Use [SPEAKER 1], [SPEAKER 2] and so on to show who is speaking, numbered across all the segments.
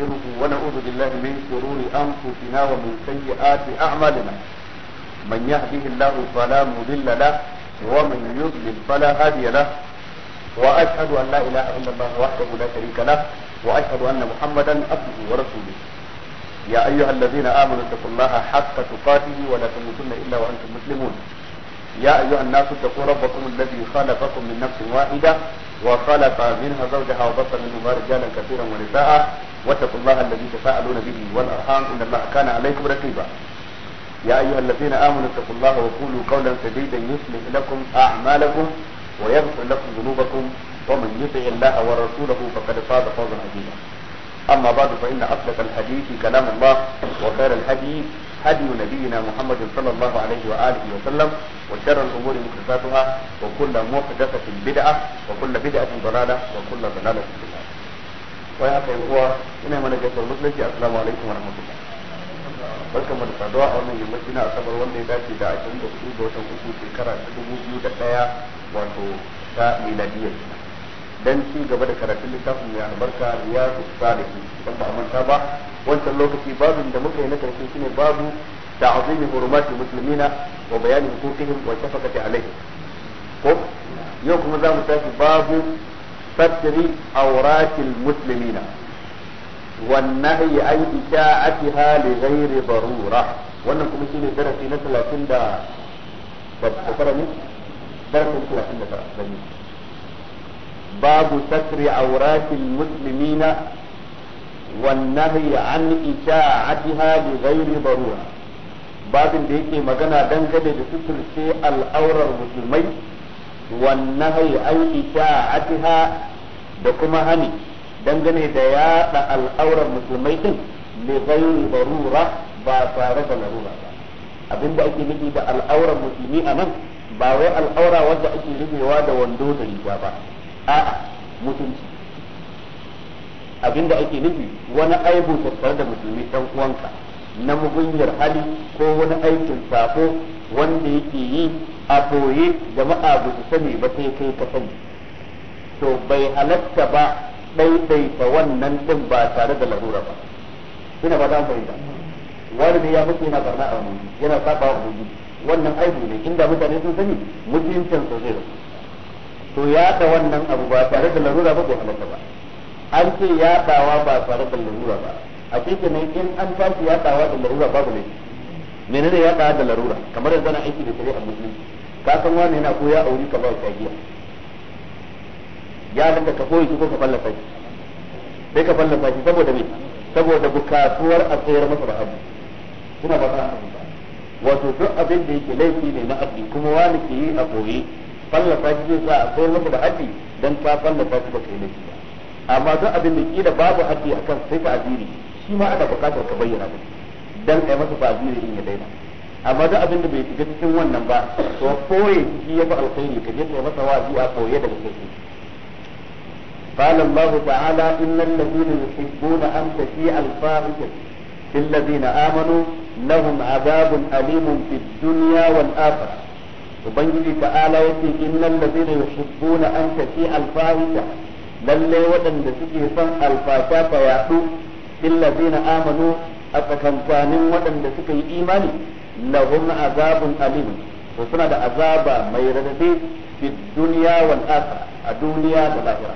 [SPEAKER 1] نستغفره ونعوذ بالله من شرور أنفسنا ومن سيئات أعمالنا من يهده الله فلا مضل له ومن يضلل فلا هادي له وأشهد أن لا إله إلا الله وحده لا شريك له وأشهد أن محمدا عبده ورسوله يا أيها الذين آمنوا اتقوا الله حق تقاته ولا تموتن إلا وأنتم مسلمون يا أيها الناس اتقوا ربكم الذي خلقكم من نفس واحدة وخلق منها زوجها وبث منهما رجالا كثيرا ونساء واتقوا الله الذي تساءلون به والارحام ان الله كان عليكم رقيبا يا ايها الذين امنوا اتقوا الله وقولوا قولا سديدا يصلح لكم اعمالكم ويغفر لكم ذنوبكم ومن يطع الله ورسوله فقد فاز فوزا عظيما اما بعد فان اصدق الحديث كلام الله وخير الهدي هدي نبينا محمد صلى الله عليه واله وسلم وشر الامور محدثاتها وكل محدثه بدعه وكل بدعه ضلاله وكل ضلاله في
[SPEAKER 2] bayan haka yan uwa
[SPEAKER 1] ina mana gaisuwar musulunci assalamu alaikum wa rahmatullah barkan mu da saduwa a wannan yammaci na asabar wanda ya dace da 24 ga watan uku shekara ta 2001 wato ta miladiyya dan ci gaba da karatun littafin mai albarka riyadu salihin idan ba a manta ba wancan lokaci babin da muka yi na karshe shine babu ta'zimi hurumatul muslimina wa bayani hukukihim wa shafaqati alaihim ko yau kuma za mu tafi babu ستر عورات المسلمين والنهي عن إشاعتها لغير ضرورة wannan kuma shine darasi da bakkara ne darasin 30 da sani babu satri awratil muslimina wan nahyi an ita'atiha bi ghairi darura babin da yake magana dangane da suturce al'aurar musulmai والنهي أو إشاعتها بكما هني dangane da yaɗa al'aurar musulmai din li ghairi darura ba tare da larura ba abin da ake nufi da al'aurar musulmi a nan ba wai al'aura wanda ake rubewa da wando da riga ba a'a mutunci abin da ake nufi wani aibu tattare da musulmi dan uwanka na mugunyar hali ko wani aikin sako wanda yake yi a koye jama'a ba su sani ba sai kai ka sani to bai halatta ba ɗaiɗaita wannan ɗin ba tare da larura ba ina ba za mu fahimta wani ne ya mutu yana barna a wani yana saba wa wani wannan aibu ne inda mutane sun sani mutuncin sa zai to ya da wannan abu ba tare da larura ba ko halatta ba an ce ya dawa ba tare da larura ba a cikin in an tashi ya dawa da larura babu ne menene ya dawa da larura kamar yanzu ana aiki da shari'ar musulunci ka san wani yana koya a wuri ka ba shi giya ya da ka koyi ko ka fallafa shi sai ka fallafa shi saboda me saboda bukatuwar a tsayar masa da abu kuma ba ta wato duk abin da yake laifi ne na abu kuma wani ke yi a koyi fallafa shi zai sa a tsayar masa da abu dan ka fallafa shi ba kai laifi ba amma duk abin da kila babu a akan sai ta aziri shi ma ana bukatar ka bayyana ba dan kai masa fa'aziri in ya daina amma duk abin da bai shiga cikin wannan ba to koye shi ya fi alkhairi ka je kai masa wa'azi a koye daga kai قال الله تعالى إن الذين يحبون أن تشيع الفاحشة في الذين آمنوا لهم عذاب أليم في الدنيا والآخرة وبنجي تعالى إن الذين يحبون أن تشيع الفاحشة lallai waɗanda suke son alfasha fa yaɗu illazina amanu a tsakankanin waɗanda suka yi imani lahum azabun alim to suna da azaba mai radadi fi dunya wal akhirah a duniya da lahira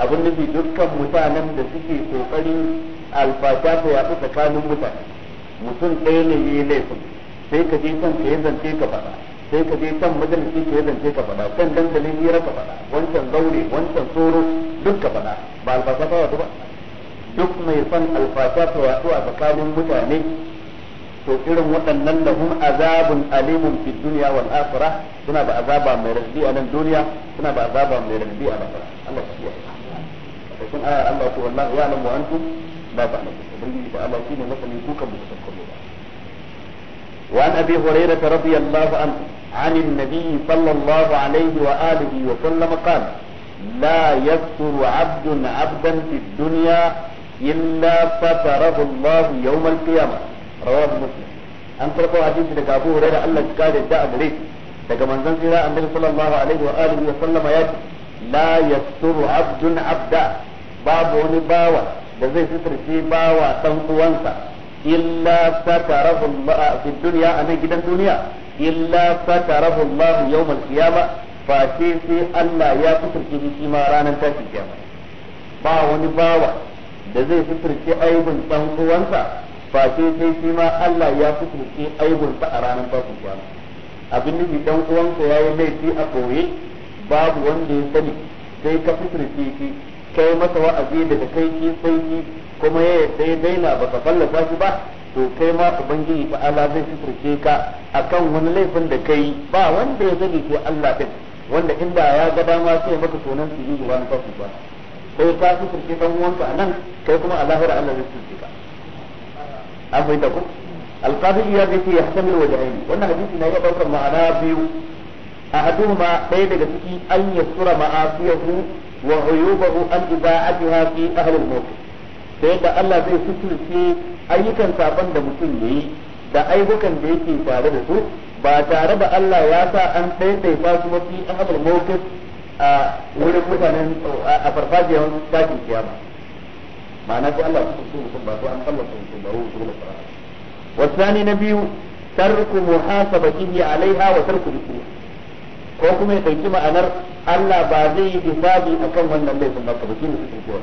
[SPEAKER 1] abin nufi dukkan mutanen da suke kokarin alfasha ta yafi tsakanin mutane mutum ɗaya ne yi laifin sai ka je kan ka zance ka faɗa sai ka je kan majalisi ka zance ka faɗa kan dandalin hira ka faɗa wancan zaure wancan tsoro dukka faɗa ba alfasha ta yafi ba duk mai son alfasha ta yafi a tsakanin mutane to irin waɗannan da hun azabun alimun fi duniya wal akhirah suna ba azaba mai rabbi a nan duniya suna ba azaba mai rabbi a nan Allah ya kiyaye to kun aya Allah to wallahi ya alamu antum la ta'lamun ubangiji ba Allah shine masanin ku kan mutum kullu وعن ابي هريره رضي الله عنه عن النبي صلى الله عليه واله وسلم قال لا يستر عبد عبدا في الدنيا الا فتره الله يوم القيامه rawahu muslim an farko hadisi daga Abu Hurairah Allah ya kare da gare daga manzon tsira annabi sallallahu alaihi wa alihi wa sallama ya ce la yasturu abdun abda babu wani bawa da zai suturce bawa dan uwansa illa satarahu Allah fi dunya a gidan duniya illa satarahu Allah yawm al-qiyama fa sai Allah ya suturce shi ma ranar tashi kiyama ba wani bawa da zai suturce aibin dan uwansa fa sai sai shi ma Allah ya kusurce aibun sa a ranar farko kwana abin bi dan uwanka ya yi laifi a koye babu wanda ya sani sai ka kusurce shi kai masa wa'azi daga kai ki sai ki kuma ya sai na ba ka fallasa shi ba to kai ma ubangiji fa Allah zai kusurce ka akan wani laifin da kai ba wanda ya sani ko Allah din wanda inda ya ga dama sai maka sunan su yi gaban farko sai ka kusurce dan uwanka a nan kai kuma a lahira Allah zai kusurce ka an fahimta ko alqafi ya zai ce ya hasamil wajhaini wannan hadisi na iya ɗaukar ma'ana biyu a haduma ɗaya daga ciki an yasura ma'asiyahu wa uyubahu an ibadatuha fi ahli al sai da Allah zai suturce ayyukan saban da mutum yayi da ayyukan da yake tare da su ba tare da Allah ya sa an ɗaiɗaifa su mafi ahli al a wurin mutanen a farfajiyar tashin kiyama ma'ana sai Allah ya so mutum ba sai an kallon mutum ba ruhu da fara wasani na biyu tarku muhasabatihi alaiha wa tarku biku ko kuma ya dauki ma'anar Allah ba zai yi hisabi akan wannan laifin ba ba shine cikin kowa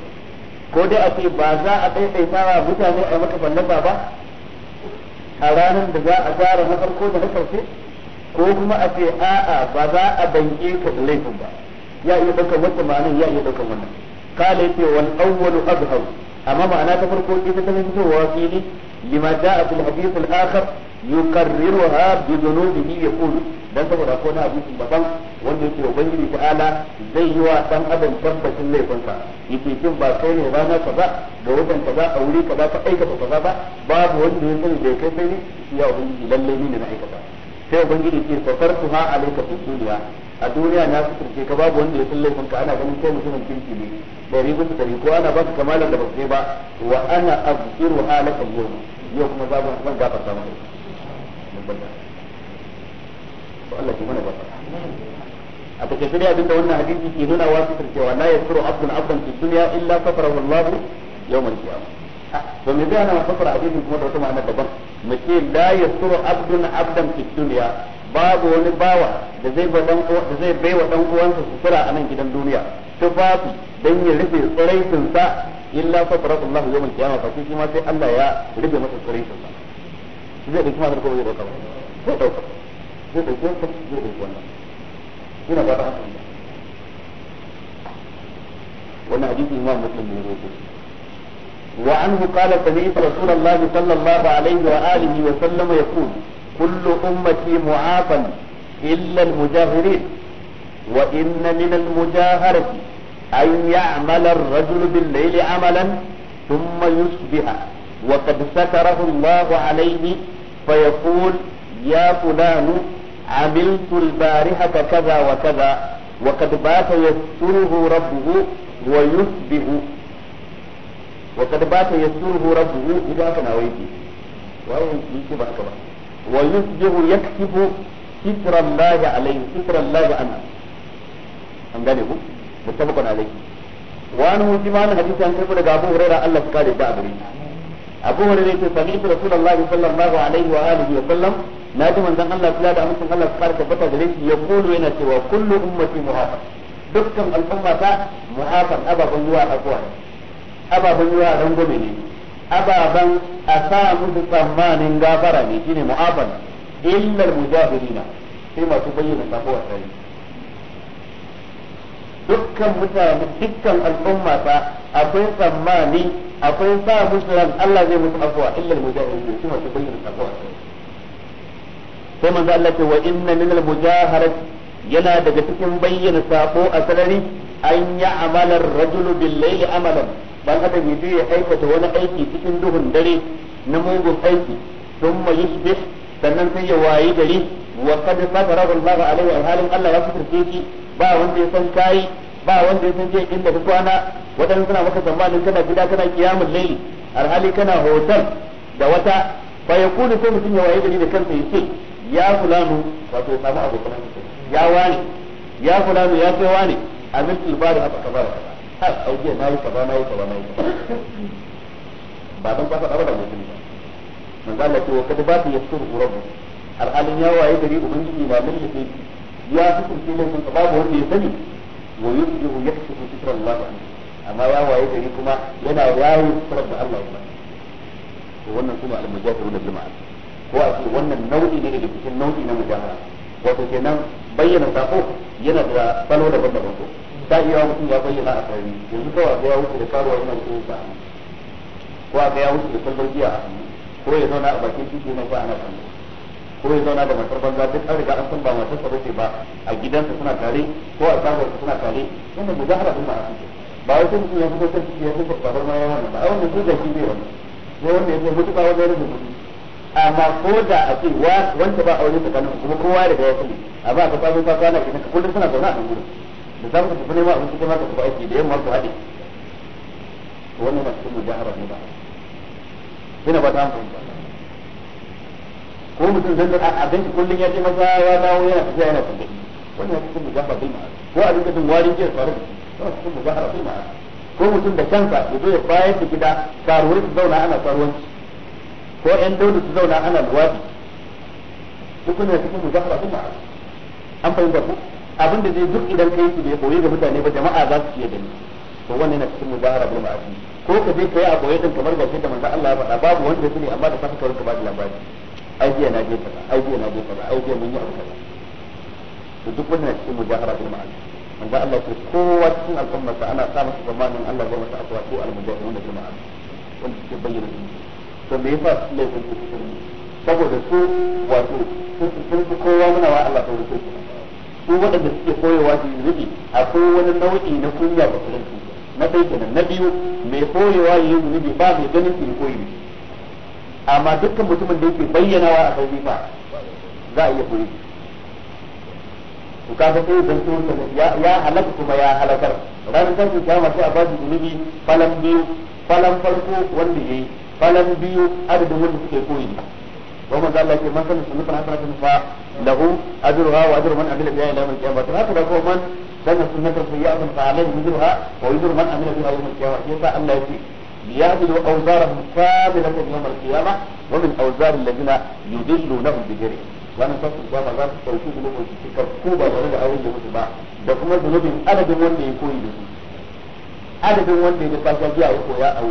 [SPEAKER 1] ko dai a ce ba za a kai fara mutane a maka fallasa ba a ranar da za a tsara na farko da na karshe ko kuma a ce a'a ba za a banke ka da laifin ba ya iya dauka wata ma'anar ya iya dauka wannan kale ce wal awwalu abhar amma ma'ana ta farko ita ta fitowa fili lima ja'a fil hadith al akhar yuqarriruha bi dhunubihi yaqulu dan saboda ko na abu daban wanda yake ubangiji ta'ala zai yi wa dan adam tabbacin laifinsa yake kin ba kai ne rana kaza ga wajen kaza a wuri ba ka aikata kaza ba babu wanda ya sani bai kai sai ne ya ubangiji lalle ne na aikata sai ubangiji ke fakartuha alayka fi dunya a duniya na su kirce ka babu wanda ya san laifin ka ana ganin kai mutumin kirki ne dari bisa dari ko ana baka kamalar da bakai ba wa ana absiru halaka yau yau kuma babu zan gafarta
[SPEAKER 2] maka
[SPEAKER 1] to Allah ki mana ba a take sai abinda wannan hadisi ke nuna wa su kircewa la yakuru abdun abdan fi dunya illa kafarahu Allah yawmal qiyamah to me zai hana safara hadisin kuma da wata ma'ana daban mace ce la yasturu abdun abdan fi dunya babu wani bawa da zai ba dan da zai baiwa dan uwansa sutura a nan gidan duniya tufafi dan ya rufe tsiraitin sa illa fa faratullahu yawmal qiyamah fa shi ma sai Allah ya rufe masa tsiraitin sa zai dauki ma ko zai dauka zai dauka zai dauki zai dauka wannan ina ba ta wannan hadisi imam muslim ne rawaito وعنه قال سمعت رسول الله صلى الله عليه وآله وسلم يقول كل أمتي معافا إلا المجاهرين وإن من المجاهرة أن يعمل الرجل بالليل عملا ثم يصبح وقد ستره الله عليه فيقول يا فلان عملت البارحة كذا وكذا وقد بات يستره ربه ويصبح وقد بات يستره ربه إذا كان ويجي وهو يجي بعد wa yusbihu yaktibu sitran lahi alayhi sitran lahi anha an gane ku muttafaqun alayhi wa anhu fi ma'an hadisi an karbu daga Abu Hurairah Allah ya kare da abri Abu Hurairah yake sami Rasulullahi sallallahu alaihi wa alihi wa sallam na ji manzon Allah kula da amincin Allah ya kare tabbata gare shi ya kulu yana cewa kullu ummati muhafaz dukkan al'umma ta muhafaz ababan yuwa yuwa ne ababan a sa musu tsammanin gafara ne shine mu'abala illal mujahidina sai masu bayyana sako a tsari dukkan mutane dukkan al'umma ta akwai tsammani akwai sa musu ran Allah zai musu afwa illal mujahidina sai masu bayyana sako a tsari sai manzo Allah ce wa inna minal mujaharati yana daga cikin bayyana sako a sarari an ya amalar rajulu bil amalan ban adam ya ya aikata wani aiki cikin duhun dare na mugun aiki thumma yusbih sannan sai ya wayi gari wa qad fatara Allah alaihi alhalin Allah ya fitarce shi ba wanda ya san kai ba wanda ya san je inda ka kwana wadannan suna maka tsammanin kana gida kana kiyamul layli alhali kana hotel da wata fa yakunu sai mutum ya wayi gari da kansa yace ya fulanu wato samu ya wani ya fulanu ya kai wani a nan ibada haka kaza da kaza har auge na yi kaza na yi kaza na yi kaza ba don ba faɗa ba da mutum ba manzo Allah ce kada ba ta yasur urabu al'alin ya waye gari ubangiji na nan da kai ya fi kurce ne kun babu wanda ya sani wa yusbihu yakshifu sitra Allah amma ya waye gari kuma yana yawo sitra da Allah ba to wannan kuma al da jama'a ko a wannan nau'i ne daga cikin nau'i na mujahara wato kenan bayyana sako yana da salo daban-daban ko ta iya wa mutum ya bayyana a sarari yanzu kawai ga ya wuce da karuwar nan ko ba ko ga ya wuce da kwalbar giya a hannu ko ya zauna a bakin titi na ba ana kallo ko ya zauna da matar banza duk an riga an san ba matar sa bace ba a gidansa suna tare ko a sabuwar suna tare inda zahara din ba a cikin ba wai mutum ya fito kan titi ya fito babar ma ya wannan ba a wanda ko da shi bai wannan ko wanda ya fito ba wajen rubin mutum amma ko da a ce wanda ba aure tsakanin kuma kowa da ya sani a ba ka kwazo ka kwana ka kullum suna zaune a ɗan gurin da za ku tafi neman abinci kuma ka tafi aiki da yamma ku haɗe wannan na cikin mujahara ne ba ina ba ta ko mutum zan da abin kullum ya ce masa ya dawo yana tafiya yana tafiya wannan cikin mujahara bil ma'ana ko a dinka warin jiya tare da shi wannan cikin mujahara bil ma'ana ko mutum da kansa ya zo ya bayar da gida karuwar su zauna ana karuwanci ko yan daudu su zauna ana luwadi duk wannan cikin mujahara bil ma'ana an fahimta ku abin da zai duk idan kai su bai koyi ga mutane ba jama'a za su iya gani to wannan na cikin mubara bil ma'asi ko ka je kai a koyi din kamar ba sai da manzo Allah ya faɗa babu wanda sani amma da saka kawai ka ba da labari ai jiya na je kaza ai jiya na je kaza ai jiya mun yi abu kaza to duk wannan na cikin mubara bil ma'asi manzo Allah ce kowa cikin al'umma sa ana sa masa zamanin Allah zai masa akwa ko al-mujahidin da jama'a wanda suke bayyana to me yasa laifin su saboda su wato sun kowa muna Allah ta wuce su waɗanda suke koyewa su yi zubi akwai wani nau'i na kunya ba kulanci na ɗaya kenan na biyu mai koyewa yi zubi ba mai ganin su koyi amma dukkan mutumin da yake bayyanawa a sauri fa za a iya koyi ka ga sai zan tsoro ya halaka kuma ya halakar ranar tashin kiyama sai a ba su zunubi falan biyu falan farko wanda yi falan biyu adadin wanda suke koyi wa man Allah ke masalan sunnatan hasanatin fa lahu ajruha wa ajru man amila biha ila yawm al-qiyamah to haka da ko man sana sunnatan sayyi'atan fa alayhi mithluha wa ajru man amila biha yawm al-qiyamah yasa Allah yake ليعملوا أوزارهم كاملة يوم القيامة ومن أوزار الذين يضلونهم بجريمة wannan sassu ba ba za su sauki zunubin su su karku ba tare da abin da mutu ba da kuma zunubin adadin wanda ya koyi da su adadin wanda ya ga kasuwa biya ya koya a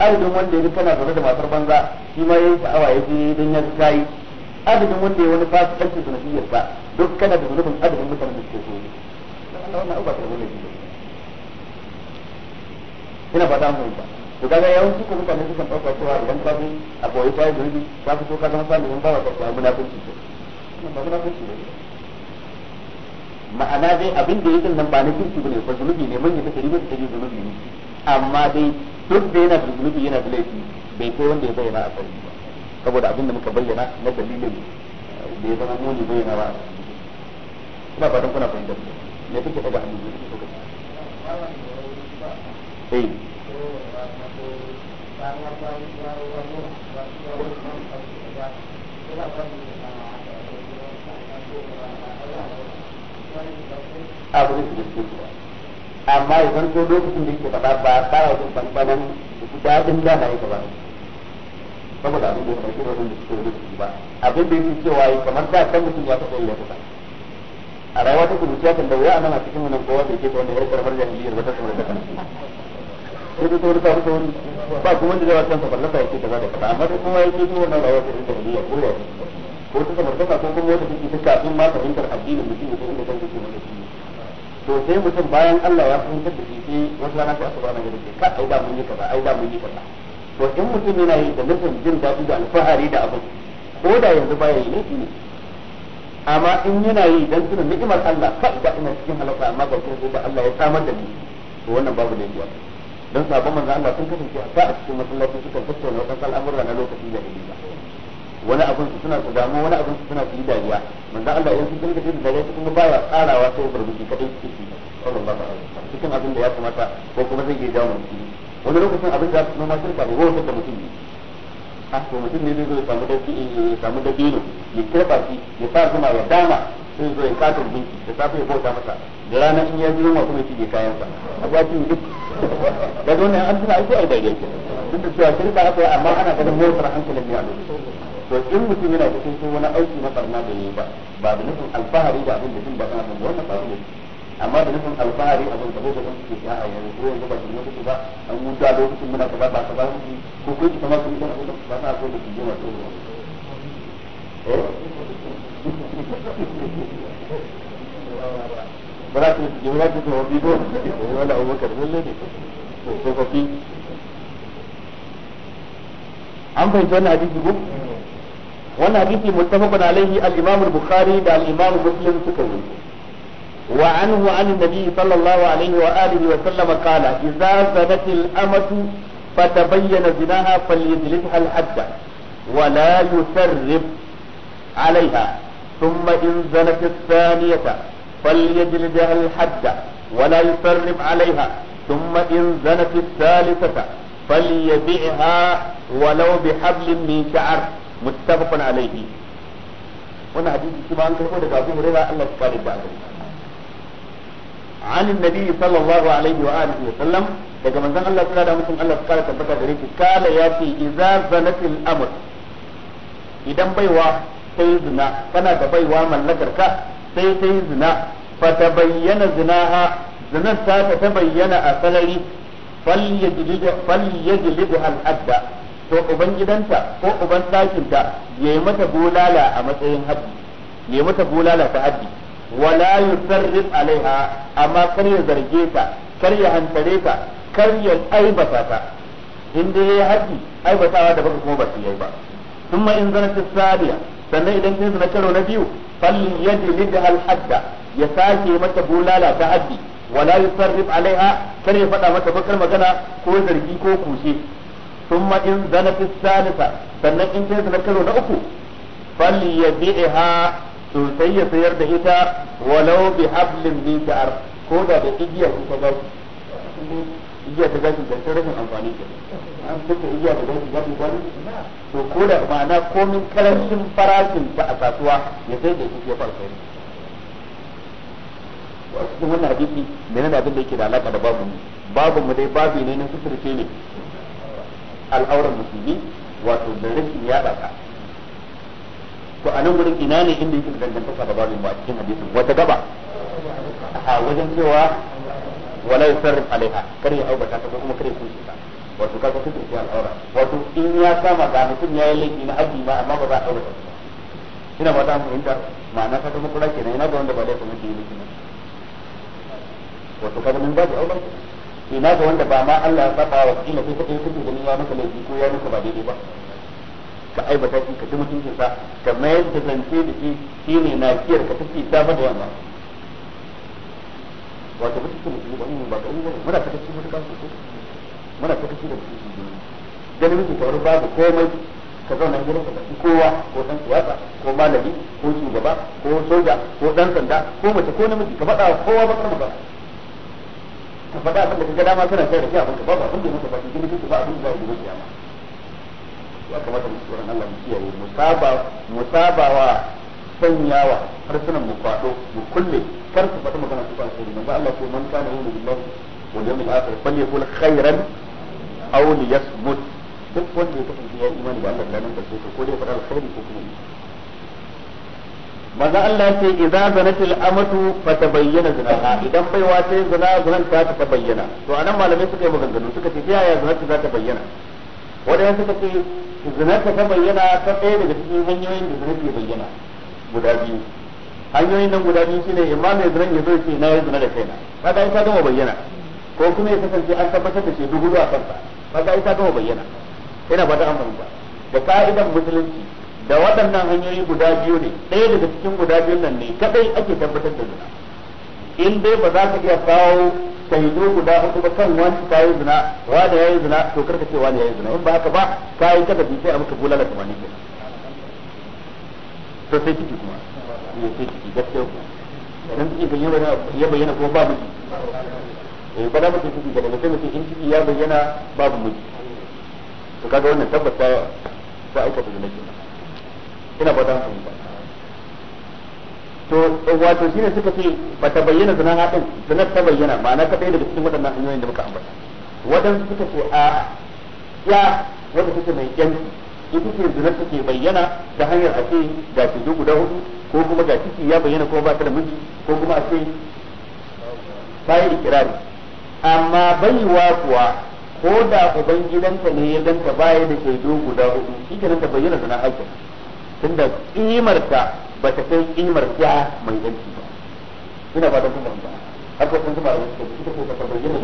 [SPEAKER 1] adadin wanda ya tana zaune da matar banza shi ma yayi sha'awa ya je don ya tayi adadin wanda ya wani fasu fasikanci da nasiyar ba duk kana da zunubin adadin mutanen da suke so ne wannan abu ba ta wani ina fata mun ba to kaga yawanci ko mutane sukan dauka cewa idan ka bi a boye yi zunubi ka fito ka zama salihin ba ka samu munafunci to ba munafunci ne ma'ana dai abin da zan nan ba na kirki bane ba zunubi ne mun yi ta karimin ta zunubi ne amma dai duk da yana da zunubi yana da laifi bai kai wanda ya bayyana a sarari ba saboda abin da muka bayyana na dalilin da ya zama muni bayyana ba kuma ba don kuna fahimtar da me kuke daga hannu zuwa
[SPEAKER 2] kuka eh a wurin su da
[SPEAKER 1] amma ya zanto lokacin da yake faɗa ba ba ya jin ɗanɗanon daɗin dama yake ba saboda abin da ya faɗi ba da suke lokaci ba abin da yake cewa kamar da kan mutum ya taɓa ya a rayuwa ta kuma cikin da wuya a cikin wannan kowa da ke ta wanda ya karɓar jahiliyar ba ta saboda da kansu sai da ta kuma da zawa kansa fallasa yake ce gaba da amma kuma yake wannan rayuwa ta jahiliyar ko ya ko ta ko kuma wata ta kafin ma addinin mutum ya ta inda to sai mutum bayan Allah ya fahimtar da shi sai wasu rana sai asuba nan gari ka ai mun yi kaza ai mun yi kaza to in mutum yana yi da nufin jin daɗi da alfahari da abin ko da yanzu baya yi laifi ne amma in yana yi dan tunan ni'imar Allah ka ba ina cikin halaka amma ba ko ba Allah ya samar da ni to wannan babu da don dan sabon manzo Allah sun kasance a cikin masallaci suka tattauna wasu al'amuran na lokaci da wani abin su suna su damu wani abin su suna su yi dariya manzo Allah in sun da jin dariya kuma baya tsarawa sai burbuki kadai su ci cikin abin da ya kamata ko kuma zai gida jawo mutum wani lokacin abin da noma mutum ne a to mutum ne zai samu dabi ya samu dabino ya kirba shi ya sa zuma ya dama sai zo ya katon binki da safe ya bauta masa da rana in ya ji yunwa kuma shi ke kayan sa a bakin duk da wannan an suna aiki a daidai duk da cewa shirka aka yi amma ana ganin motar hankalin ne a lokacin to in mutum yana cikin sun wani aiki na barna da ne ba ba da nufin alfahari da abin da jin barna da wannan faru ne amma da nufin alfahari abin da zai suke ya a yanzu ko yanzu ba shi ne kuke ba an mu lokacin muna ka ba ba ka ba ko kai kuma kun da abin da ba ta ko da ki je wato eh bara ta ji wala ta ko bi ko wala Abu Bakar ne ne ko ko ki an fahimci wannan hadisi ko wannan hadisi muttafaqun alaihi al-Imam al-Bukhari da al-Imam Muslim suka yi wa anhu an nabi sallallahu alaihi wa alihi wa sallama qala idza zanatil amatu fatabayyana zinaha falyadlifha al-hadda wa la yusarrib فليجلدها thumma in zanat عليها thaniyata falyadlifha al-hadda wa la yusarrib يسرب thumma in zanat زنت thalithata falyabi'ha ولو بحبل من شعر muttafaqun alayhi wannan hadisi shi ba an karbo daga Abu Hurairah Allah ya kare da gare عن النبي صلى الله عليه وآله وسلم daga manzon Allah ta da mutum Allah ta tabbata gare shi kala ya ce idza zanatil amr idan baiwa sai zina kana da baiwa mallakar ka sai sai zina fa tabayyana zinaha zinan ta ta bayyana a salari falyajlidu falyajlidu ko uban gidanta ko uban ɗakinta ya yi mata bulala a matsayin haddi ya yi mata bulala ta haddi wala yusarrif alaiha amma kar ya zarge ta kar ya hantare ta kar ya aibata ta in dai ya haddi aibatawa da baka kuma ba su yi ba ma in zana ta sabiya sannan idan kin zana karo na biyu falli yajlid al hadda ya sake mata bulala ta haddi wala yusarrif alaiha kar ya faɗa mata bakar magana ko zargi ko kushe ثم إن زنت الثالثة sannan in ta zina na uku falyabi'ha to sai ya sayar da ita walau bi hablin bi ta'ar ko da da igiya ku ta gasu igiya ta da ta rashin amfani ke an fita igiya ta gasu gasu gasu ko da ma'ana komin karancin farashin ba a kasuwa ya sai da igiya dai babu ne na ne al'auran musulmi wato da rashin ya ta to a nan gudun ina ne inda yake dangantaka da babin a cikin hadisi wata gaba
[SPEAKER 2] a wajen cewa
[SPEAKER 1] wala yusarrif alaiha kar ya aubata ta ko kuma kar ya kushe ta wato kaga kuka ce al'aura wato in ya kama ga mutum ya yi laifi na haji ma amma ba za a aure ba ina ba ta fahimta ma'ana ta kuma kula kenan ina ga wanda ba laifin mutum ya yi laifi wato kaga mun ba da aurata ina ga wanda ba ma Allah ya saba wa kina kai kai kake ganin ya maka laifi ko ya maka ba daidai ba ka aibata shi ka ji mutuncin sa ka mayar da zance da shi shine na kiyar ka take ta ba da wannan wato mutum ke mutum ba mun ba ka mun mana ta kace mutum ba su mana ta tafi da mutum ganin mutum ba babu komai ka zauna gidan ka tafi kowa ko dan siyasa ko malami ko shugaba ko soja ko dan sanda ko mace ko namiji ka faɗa kowa ba ka magana ka faɗa abin da ka ga dama kana kai da kai abin ka babu abin da muka faɗi kuma kike ba abin da za ku gobe kiyama ya kamata mu tsoron Allah mu kiyaye musaba musabawa sanyawa harsunan mu faɗo mu kulle kar ku faɗi magana su ba alkhairi nan ba Allah ko man kana yu'minu billahi wal yawmil akhir falyakul khairan aw liyasmut duk wanda ya kasance ya imani da Allah da nan da sai ko dai faɗa alkhairi ko kuma maza Allah ce idza zanatil amatu fatabayyana zinaha idan bai wace yi zina zinan ta ta bayyana to anan malamai suka yi maganganu suka ce ta yaya zinarta za ta bayyana wadanda suka ce zina ta bayyana ta ɗaya daga cikin hanyoyin da zina ke bayyana guda biyu hanyoyin nan guda biyu shine imma mai zina ya zo ce na yi zina da kaina kaga ita gama bayyana ko kuma ya kasance an tabbatar da shaidu hudu a kansa kaga ita gama bayyana ina ba ta amfani ba da ka'idan musulunci da waɗannan hanyoyi guda biyu ne ɗaya daga cikin guda biyun nan ne kadai ake tabbatar da zina in dai ba za ka iya kawo shahidu guda uku ba kan wani ta yi zina wani ya yi zina to karka ce wani ya yi zina in ba haka ba ka yi kada bi sai a maka bulala kamar ne to sai ciki kuma ya eh, sai ciki gaskiya ku idan ciki kan ya bayyana kuma ba miji eh ba da mutum ciki ga daga sai mutum in ciki ya bayyana babu miji to kaga wannan tabbata ta aikata zina kenan ina ba dan ba to eh, wato ne suka ce ba ta bayyana zina na din zina ta bayyana ba na kaɗai daga cikin waɗannan hanyoyin da muka ambata waɗansu suka ce a ya wanda suke mai yanki ita ce zina suke bayyana ta hanyar a ce ga shi guda hudu ko kuma ga ciki ya bayyana ko ba ta da miji ko kuma a ce ta yi ikirari amma baiwa kuwa ko da ubangidanta ne ya danta baya da shaidu guda hudu shi ta bayyana zina aikin tunda kimarta ba ta kai kimar ya mai yanci ba ina ba don kuma ba haka kun kuma da wasu ita ko ta bayyana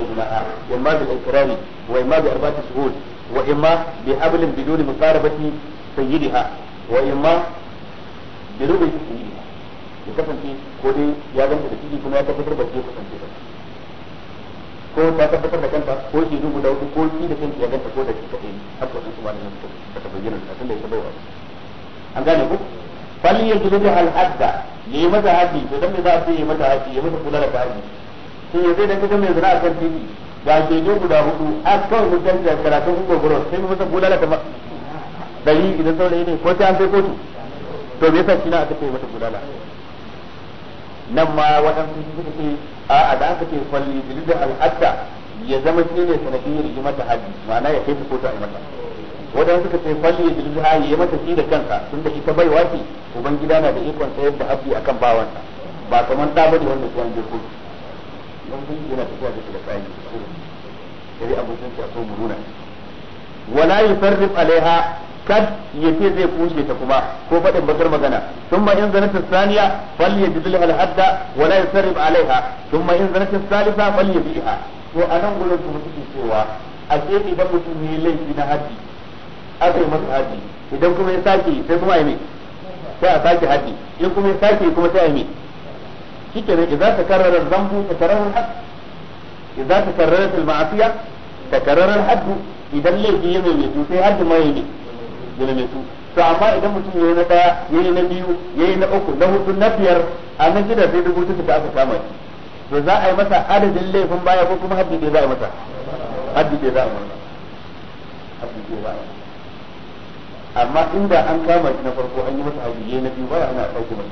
[SPEAKER 1] da ma bi da ikrari wa ma bi arba'ati shuhud wa imma bi hablin biduni muqarabati sayyidiha wa imma bi rubi sayyidiha ya kasance ko dai ya ganta da ciki kuma ya tabbatar ba zai kasance ba ko ta tabbatar da kanta ko shi dubu da ko shi da kanta ya ganta ko da shi kadai haka kun kuma da wasu ta bayyana da ta ya tabbatar an gane ku fali ya zubi da al'adda ya yi mata haji to dan me za a ce ya yi mata haji ya mata kula da haji sai ya sai da kaga me zina kan tini ga shege guda hudu a kawai mu karatu ko gogoro sai mu mata kula da dai idan saurayi ne ko ta sai kotu to me yasa shi na aka ce mata da nan ma waɗansu suka ce a da aka ce falli da al'adda ya zama shi ne sanadiyar yi mata haji ma'ana ya kai ta kotu a yi mata wadanda suka ce fali ya jirgi hayi ya mata shi da kansa tun da ita baiwa ce ubangida na da ikon tsayar da haƙƙi akan bawansa ba kamar da bane wanda kuwan jirgin don sun yana tafiya da shi da kayan sai abokin shi a so muruna wala yufarrif alaiha kad ya ce zai kushe ta kuma ko faɗin bakar magana thumma in zanata thaniya falyajid laha al-hadda wala yusarrif alaiha thumma in zanata thalitha falyabiha to anan gurin kuma suke cewa a ce idan mutum ne laifi na haddi aka yi masa haji idan kuma ya sake sai kuma ayi sai a sake haji in kuma ya sake kuma sai ayi shikenan idan ta karrara zambu ta karrara hadd idan ta karrara al-ma'asiya ta karrara hadd idan laifi ya mai su sai hadd ma yayi ne mai su to amma idan mutum yayi na ya yi na biyu ya yi na uku na hudu na biyar a nan gida sai dubu ta aka kama shi to za a yi masa adadin laifin baya ko kuma haddi da za a yi masa haddi da za a yi masa haddi da za a yi masa amma inda an kama shi na farko an yi masa abu yayi na biyu ba ana a ɗauki masa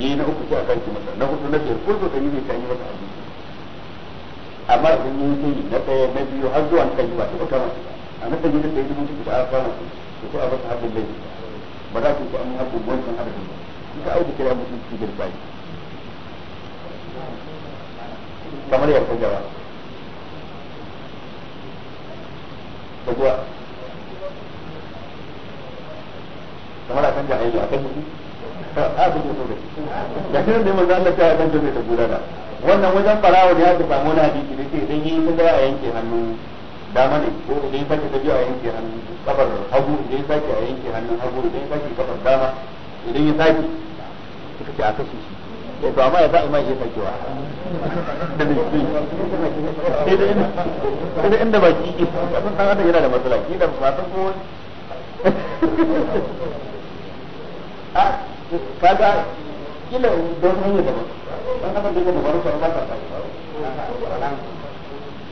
[SPEAKER 1] yayi na uku ko a ɗauki masa na hudu na biyar ko da kan yi ne an yi masa abu amma idan yayi yi na ɗaya na biyu har zuwa kan yi ba ta kama shi a na kan yi da ɗaya dubu shi da aka kama shi ko a masa habbin laifi ba za su ko an habbin wancan habbin ba in ka auki kira mutum shi girba ne kamar yarda jawa. Kedua, kamar a canja aiki a kan mutu a kan mutu da shi ne manzo Allah ya canja mai tabula da wannan wajen farawa da ya ta samu na hadisi da ke dan yi ta a yanke hannu dama ne ko idan ya sake ta a yanke hannun kafar hagu idan ya sake a yanke hannun hagu idan ya sake kafar dama idan ya sake suka ce a kashe shi ya eh, to amma ya sa imai ya sake wa sai inda baki kafin dan adam yana da matsala ki da fatan ko a kaga kila don hanyar daban don haka da yake dabaru sauran ba ta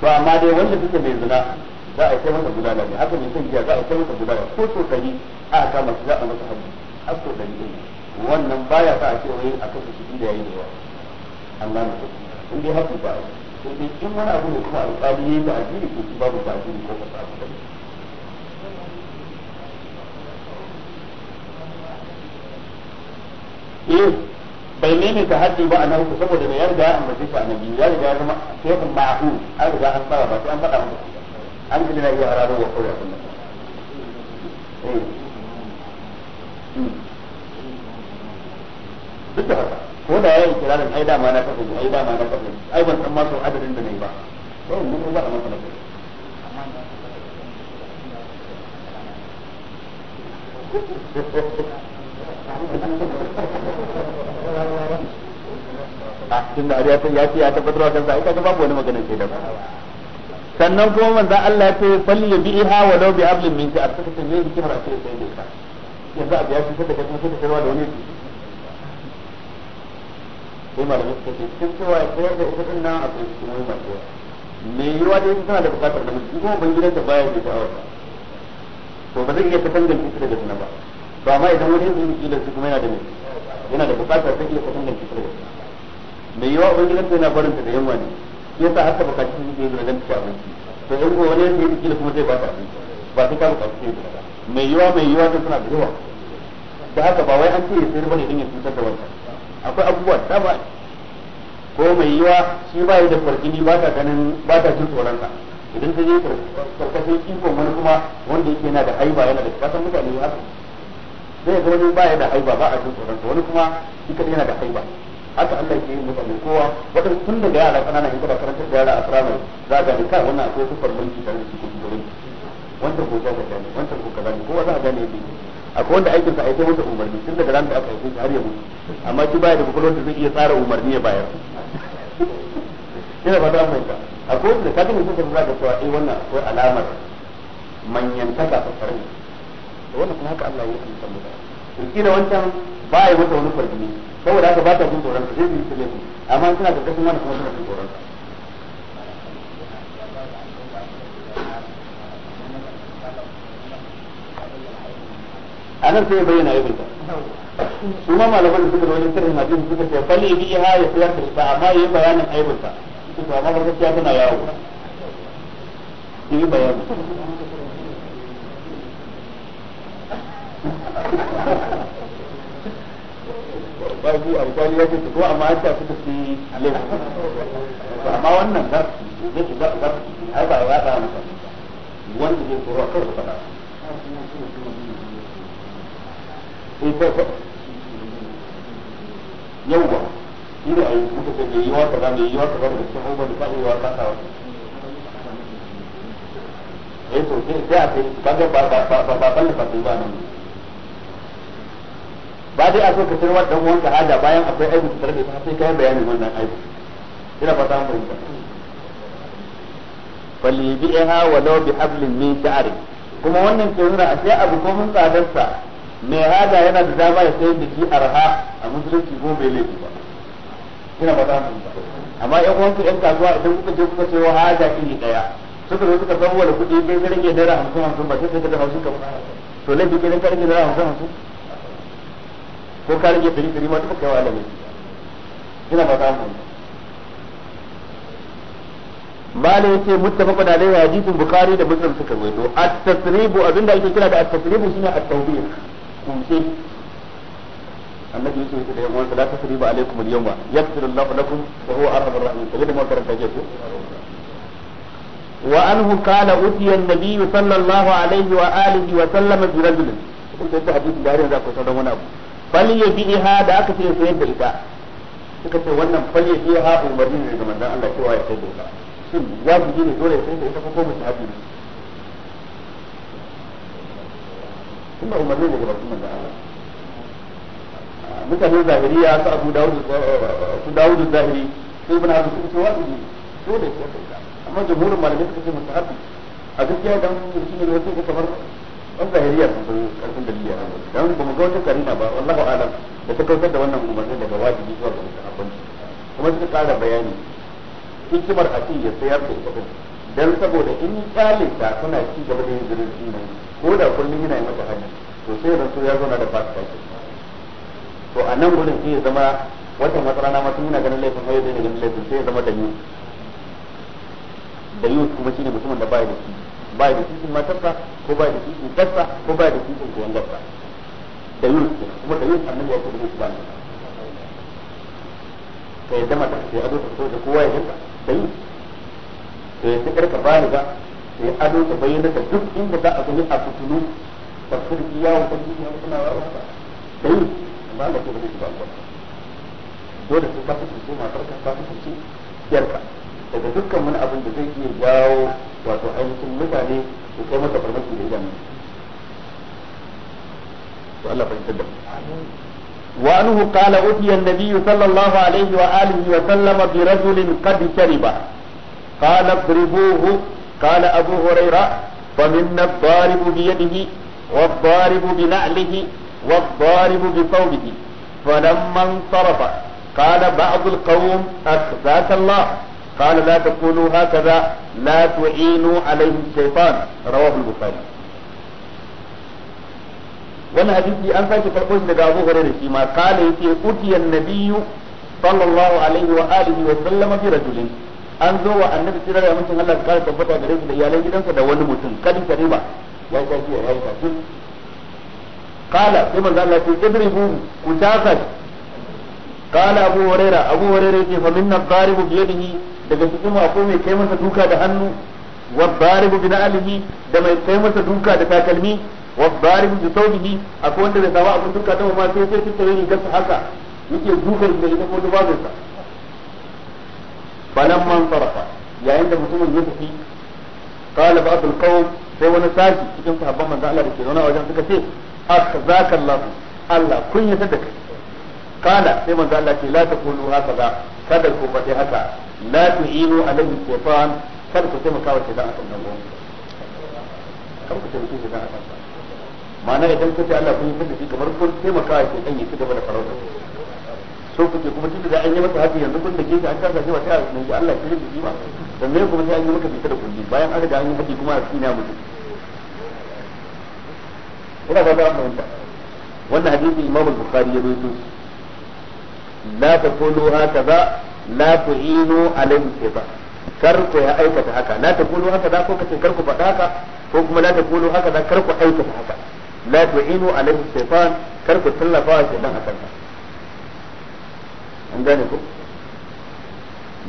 [SPEAKER 1] to amma dai wanda suke mai zina za a yi kai masa bulala ne haka mai son giya za a kai masa bulala ko so dari a ka masu za a masa hagu har so dari ne wannan baya sa a ce wai a kasa shi da yayi ne wa Allah na so in dai haku ba sai dai in wani abu ne kuma alƙali yayi ba a jiri ko babu ba a jiri ko ba a eh bai nemi ta haddi ba a nan saboda bai yarda an bace shi annabi ya riga ya zama shekun ma'ahu an riga an tsara ba sai an faɗa masa an ji na iya hararo wa kawai abin nan eh. hmm. duk da haka ko da yayin kirarin ai dama na kafin ai dama na kafin ai ban san masu adadin da nayi ba to mun ba a masa na
[SPEAKER 2] Thank you.
[SPEAKER 1] Ah, tun da ya ce ya tabbatar wa kansa ita babu wani maganar ke da sannan kuma manzan Allah ya ce falli ya bi'i ha walau bi ablin min a suka ce zai a cikin sai da ita yanzu abu ya cutar da kuma sai da karwa da wani sai malamai suka ce cikin cewa ya sayar da ita din nan a cikin cikin wani masu mai yiwuwa da ita da bukatar da mutum kuma ban gidanta baya ne ta awa to ba zai iya ta tangan ita daga ba ba ma idan wani yanzu kila da kuma yana da ne yana da bukatar ta iya kusan ganci kisa mai yawa ubangidan yana barin ta da yamma ne ya sa haka bukaci sun ke da ganci a abinci to in ko wani yanzu kila kuma zai ba ta abinci ba sai ka bukaci su mai yawa mai yawa ta suna da yawa da haka ba wai an ce ya sayar bane don ya cutar da wata akwai abubuwa da ba ko mai yiwa shi ba yi da farkini ba ta ganin ba ta jin tsoron ka idan ta je karkashin ikon wani kuma wanda yake yana da haiba yana da kasan mutane haka sai ga wani baya da haiba ba a cikin tsoron wani kuma ita yana da haiba haka Allah ke mutane kowa wata tun daga yara kanana in kuma karantar da yara a firamare za ga kai wannan akwai kufar mulki tare da shi ko gurin wanda ko za ka gani wanda ko ka ne kowa za a gane yadda akwai wanda aikin sa aike masa umarni tun daga ran da aka aike shi har ya mutu amma shi baya da kokolon da zai iya tsara umarni ya bayar ina ba da mai ka akwai wanda ka ga mutum da za ka cewa eh wannan akwai alamar manyan ta farin to wannan kuma haka Allah ya yi san wancan ba ya masa wani fargini saboda haka ba ta jin tsoron sai su yi tsaye amma suna karkashin wannan kuma suna jin tsoron a nan sai ya bayyana aibinta su ma malaman da suka wani sirrin hadisi suka ce falle bi ha ya sayar da ita amma yayi bayanin aibinta su ma ba gaskiya suna yawo yi bayanin. babu alƙwari ya ce ko amma ya ce suka fi laifin amma wannan za su ne za su ci ai ba ya ba masa wanda zai tsoro a kawai faɗa yawwa shi ne a yi kuka ce mai yiwuwa kaza mai yiwuwa kaza da cikin abubuwan da ba yiwuwa ba ta eh to sai a kai ba ba ba ba ba ba ba ba ba ba ba dai a so ka sayarwa dan uwan ka hada bayan akwai aibu tare da sai kai bayanin wannan aibu ina fata mun fahimta wa law bi hablin min sha'ri kuma wannan ke nuna ashe abu ko mun tsadarsa mai hada yana da dama ya sayar da shi arha a musulunci ko bai laifi ba ina fata mun amma yan uwan ka yan kasuwa idan kuka je kuka sayo hada iri daya suka zo suka san wala kuɗi bai rage naira hamsin hamsin ba sai ka da hausin ka to laifi kenan ka rage naira hamsin hamsin ko ka rage dari dari ma duka kai wa alamin ina ba ta mu malai yace muttafaqun alaihi wa hadithun bukhari da muslim suka rawaito at-tasribu abinda ake kira da at-tasribu shine at-tawbih kumshe annabi yusuf da yan uwansa la tasriba alaikum al-yawma yaghfiru Allahu lakum wa huwa arhamur rahimin kaje da mu karanta ke ko wa anhu qala utiya an-nabiy sallallahu alaihi wa alihi wa sallam bi rajulin kun da hadisi da har yanzu akwai sauran wani abu bal ha da aka ce sayar da ita suka ce wannan fal yabiha umarni ne ga manzon Allah cewa ya sai da ita shin wajibi ne dole sai da ita ko kuma mustahabi ne kuma umarni ne daga manzon Allah ah, mutanen ya su abu dawud su dawud zahiri sai ibn hazm suka ce wajibi dole sai da ita amma jumhurin malamai suka ce mustahabi a gaskiya dan mutum ne wato kamar dan zahiriyar ba su karfin dalili a nan dan ba mu ga wata karina ba wallahi alam da ta kautar da wannan umarni daga wajibi zuwa ga musahabanci kuma suka kara bayani hikimar a ya sayar da ita dan saboda in kyale ta suna ci gaba da yin zurfi ne ko da kullum yana yi mata hajji to sai ranto ya zauna da fasika ce to a nan gurin sai ya zama wata matsala na masu nuna ganin laifin hayo da ganin laifin sai ya zama da yi da yu kuma shine mutumin da baya da shi ba da titin matarsa ko ba da titin kasta ko ba da titin kuwan gasta da yin kuma da yin annabi ya kudu ba ne ta yadda mata ta yi ado ta da kowa ya dinka da yin ka yadda karka ba ni ga ka ado ta bayyana da duk inda za a gani a fitulu ba su riki yawon kan duniya ba suna rawar ba da yin amma Allah ko da ba ba dole sai ka kasance matarka su kasance yarka daga dukkan wani abin da zai iya jawo wato ainihin mutane su kai masa farmaki da idanu to Allah fahimtar da wa anhu qala utiya an-nabiy sallallahu alaihi wa alihi wa sallama bi rajulin qad shariba qala idribuhu qala abu hurairah فمنا الضارب بيده والضارب بنعله والضارب بثوبه فلما انصرف قال بعض القوم أخزاك الله قال لا تقولوا هكذا لا تعينوا عليه الشيطان رواه البخاري wannan hadisi an sake farko daga Abu Hurairah kala ya ce yake utiyan nabiyyu sallallahu alaihi wa alihi wa sallam an zo wa annabi sirra da mutum Allah ya tabbata gare shi da iyalan gidansa da wani mutum kadi kariba ya ka ku ya ka ku kala sai manzo Allah ya idribu ku tafa kala Abu Hurairah Abu Hurairah ce fa minna qaribu bi yadihi daga cikin mu akwai mai kai masa duka da hannu wa baribu bi na'alihi da mai kai masa duka da takalmi wa baribu bi saudihi akwai wanda bai samu abin duka ta ma sai sai tattare ni gasa haka yake dukan da ita ko dubabin sa falan man sarafa yayin da mutumin ya tafi qala ba'dul qawm sai wani sashi cikin sahabban manzo Allah da ke zauna wajen suka ce akhzakallahu Allah kun yi ta da kai sai manzo Allah ce la taqulu hakaza kada ku faɗi haka لا tu'inu alaihi الشيطان فلك ku taimaka شداء shaytan akan nan كتب kada شداء taimaka shaytan akan sa ma'ana idan kace Allah kun yi shi kamar kun شداء wa shaytan ya ci gaba da farauta kuma tunda da an yi masa haka yanzu kun da an kasa shi ba sai a Allah ya shi ba dan me kuma sai an yi da bayan da kuma a cikin mutu ina ba za a fahimta wannan hadisi imamul Bukhari ya rawaito la haka ba. la tu'inu alaihi shaytan kar ku ya aikata haka la taqulu haka da ko kace kar faɗa haka ko kuma la taqulu haka da kar ku aikata haka la tu'inu alaihi shaytan kar ku tallafa wa shaytan akan an gane ko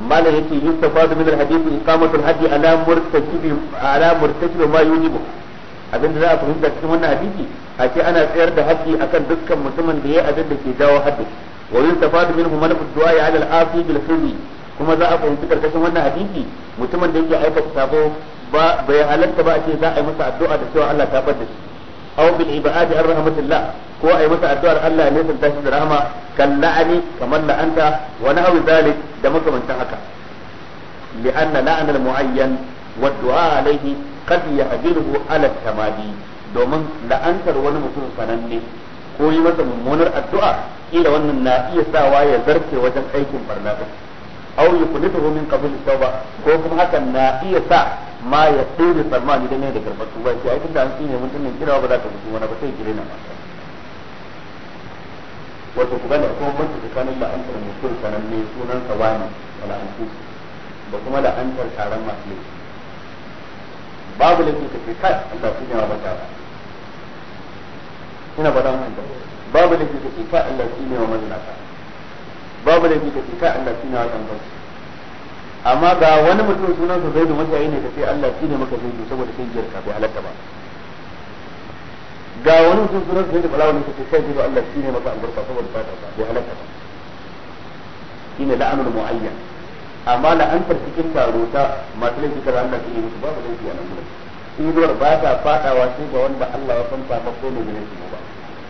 [SPEAKER 1] malam yake yustafadu min alhadith iqamatul hadi ala ma abinda za a fahimta cikin wannan hadisi a ce ana tsayar da haddi akan dukkan mutumin da ya abin da ke jawo haddi wa yustafadu minhu malaku du'a ya alal afi bil khirri kuma za a fahimci karkashin wannan hadisi mutumin da yake aikata sabo ba bai halatta ba a ce za a yi masa addu'a da cewa Allah ta bar da shi aw bil ibadi ar rahmatillah ko a yi masa addu'ar Allah ne san tashi da rahama kan la'ani kamar la'anta wa nahwi zalik da makamantan haka li anna la'an al muayyan wa du'a alayhi qad yahdiruhu ala tamadi domin la'antar wani mutum sananne ko yi masa mummunar addu'a kila wannan na iya sawa ya zarce wajen aikin barna din aw yukunituhu min qabl tauba ko kuma hakan na iya sa ma ya tsere tsammani dan ne da karbar tuba sai ai da an tsine mun tunin kira ba za ka mutu wani ba sai girena wato ku gane kuma da tsakanin la'antar mutum sanan ne sunan sa wani wala an da kuma la'antar taron masu laifi babu laifin ka ce kai Allah ya ba ta ba ina faɗa mun da babu da ke kace ka Allah shi ne wa mazinata babu da ke kace ka Allah shi ne wa tambaci amma ga wani mutum sunan sa zaidu mutayi ne kace Allah shi ne maka zaidu saboda sai jiyar ka bai halatta ba ga wani mutum sunan sa zaidu balawa ne kace kai zaidu Allah shi ne maka albarka saboda fata ka bai halatta ba shine la'anul mu'ayyan amma la'antar cikin taro ta masu laifi kaza Allah shi ne musu babu laifi a nan gurin inuwar ba ta fadawa sai ga wanda Allah ya san ko ne gare shi ba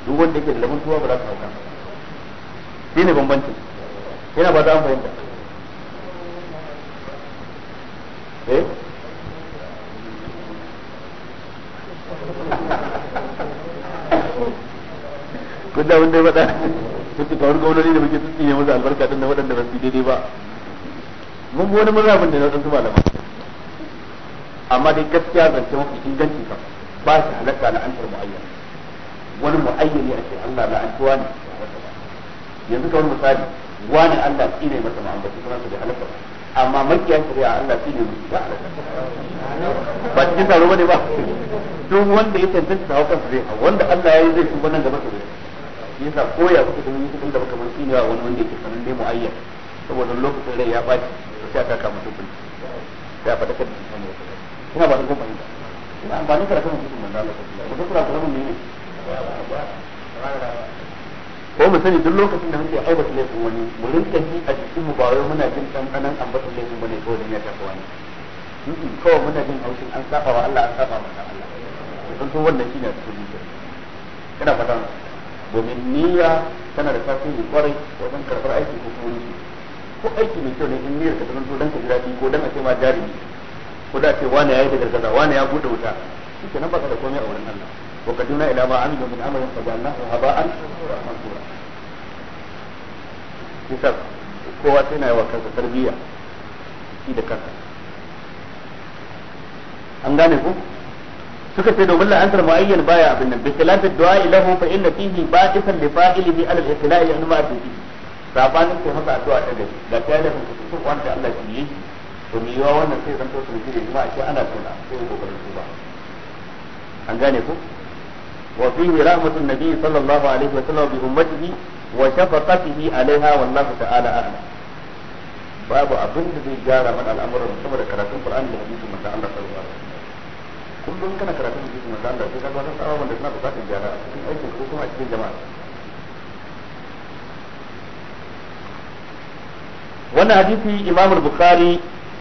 [SPEAKER 1] duk wanda yake da lamun tuwa ba za ka hauka shi ne bambancin yana ba za an fahimta eh kun da wanda ya faɗa kuka kawar gwamnati da muke tsitsi ne musu albarka din da waɗanda ba su daidai ba mun wani mun mazhabin da na waɗansu malaman amma dai gaskiya zance mafi inganci ba ba shi halatta na antar mu'ayyana wani mu'ayyani a ce Allah la'antuwa ne yanzu kawai misali wani Allah shi ne masa ma'ambaci kuma su da halaka amma makiyan shari'a Allah shi ne musu ba ba cikin taro bane ba duk wanda ya tantance hawa kansa zai wanda Allah ya yi zai tuba nan gaba sai yasa koya kuka kuma yi kuɗin da baka mun tsinewa wani wanda yake sanin dai mu'ayyan saboda lokacin rai ya ɓaci sai aka kama su kulli sai a faɗa kan shi ina ba ta kuma fahimta ina amfani karatun mutum manzo Allah sallallahu alaihi wasallam da kura kura mun ne ko mu sani duk lokacin da muke aibata laifin wani mu rinka ji a jikin mu ba wai muna jin tsananan ambatan laifin bane ko dan ya tafi wani kawai muna jin haushin an saba wa Allah an saba wa Allah don to wannan shine cikin zuciya ina fata domin niyya tana da tasiri kwarai wajen karɓar aiki ko kuma ko aiki mai kyau ne in niyyar ka ta zanto dan ka ji daɗi ko dan a ce ma jarumi ko da ce wani ya yi da gargaza wani ya buɗe wuta shi ke nan ba ka da komai a wurin Allah وقدمنا إلى ما عملوا من عمل فجعلناه هباء منثورا bisa kowa sai na yi wa kansa tarbiyya shi da an gane ku suka ce domin la'antar mu'ayyan baya abin nan bikilafi du'a ilahu fa inna fihi ba'isan li fa'ilihi ala al-ikhla'i an ma fihi sabanin ko haka addu'a ta gaji da ta yana kuma su wanda Allah ya yi to mi wannan sai zan to su ji ce ana tona sai ko su ba an gane ku وفيه رحمة النبي صلى الله عليه وسلم بأمته وشفقته عليها والله تعالى أعلم babu abin da zai gyara mana al'amuran saboda karatun Qur'ani da hadisin manzo Allah sallallahu alaihi wasallam kullum kana karatun hadisin manzo Allah sai ka ga wannan abubuwan da suna bukatar gyara a cikin aikin ko kuma a cikin jama'a wannan hadisi Imam Bukhari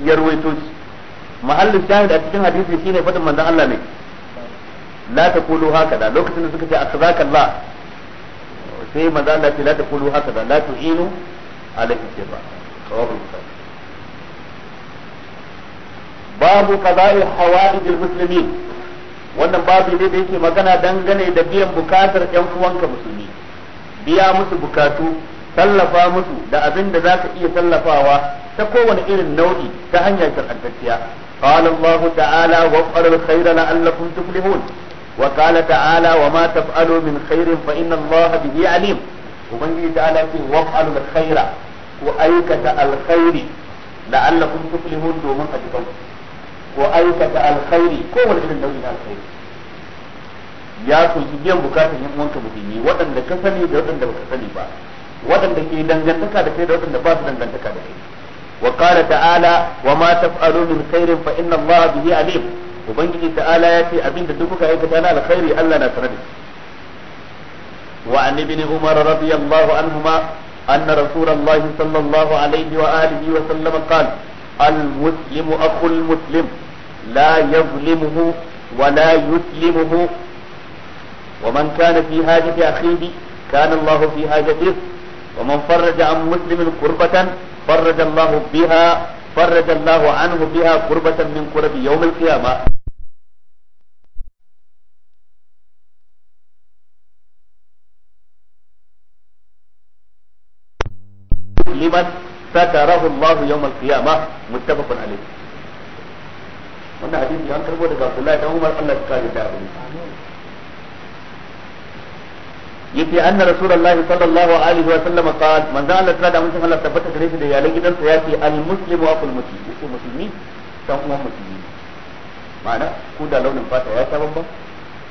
[SPEAKER 1] ya rawaito shi mahallin shahid a cikin hadisi shine fadin manzo Allah ne la taqulu hakada lokacin da suka ce akhzaka Allah sai manzo Allah ce la taqulu hakada la tu'inu ala kitaba sawabul babu qada'i hawaijil muslimin wannan babu ne da yake magana dangane da biyan bukatar yan uwanka musulmi biya musu bukatu tallafa musu da abin da zaka iya tallafawa ta kowane irin nau'i ta hanyar shar'antacciya qala Allah ta'ala wa qara al-khayra la'allakum tuflihun وقال تعالى وما تفعلوا من خير فإن الله به عليم وبنجي تعالى في الخير وأيكة الخير لعلكم تفلحون دومن وأيكة الخير الخير ta'ala ubangiji ta'ala ya ce abinda duk kuka aikata na alkhairi Allah na sanar da shi wa an ibn umar radiyallahu anhuma anna rasulullah sallallahu alaihi wa alihi wa sallam qala al muslimu akhul muslim la yuzlimuhu wa la yuslimuhu wa man kana fi hajati akhihi kana Allah fi hajatihi ومن فرج عن مسلم كربة فرج الله بها فرج الله biha بها كربة من كرب يوم القيامة zulman satarahu Allah yawmal qiyamah muttafaqun alayh wannan hadisi an karbo daga Abdullahi dan Umar Allah ya kare da abu yake anna rasulullahi sallallahu alaihi wa sallam qal man da Allah mun Allah tabbata gare shi da yake al muslimu muslim yake dan uwan ma'ana ko da launin fata ya ta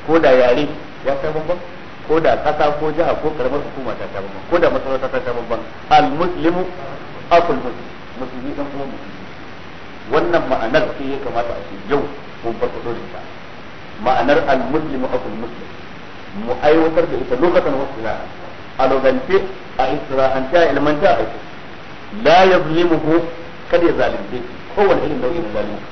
[SPEAKER 1] ko da yare ya ta ko da kasa ko jiha ko karamar hukuma ta ta babban ko da masarauta ta ta babban al muslimu akul muslim musulmi dan kuma musulmi wannan ma'anar ce ya kamata a ce yau mun farfado da ita ma'anar al muslimu akul muslim mu aiwatar da ita lokacin wasu a logance a isra'anta a ilmanta a ita la yazlimuhu kada ya zalunce kowane irin nau'in zalunci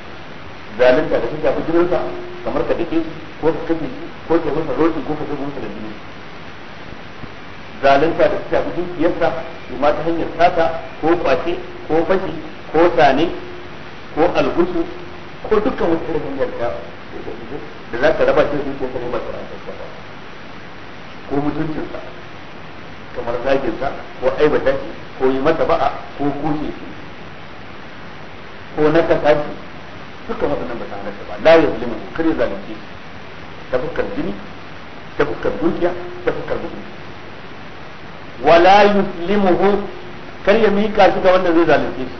[SPEAKER 1] zalunta da ta shafi jininsa kamar ka dake ko ka kafe ko ka masa roki ko ka zuba masa da jini zalunta da suka fi dukiyarsa ma ta hanyar sata ko kwace ko fashi ko sane ko algusu ko dukkan wata irin hanyar da da za ka raba shi da ko kuma ba ta ba ko mutuncinsa kamar zaginsa ko aibata shi ko yi masa ba'a ko kushe shi ko nakasa shi dukkan nan ba ta halatta ba la yuzlimu kare zalunci ta fuskar jini ta fuskar dukiya ta fuskar mutunci wala yuzlimuhu kar ya mika shi ga wanda zai zalunce shi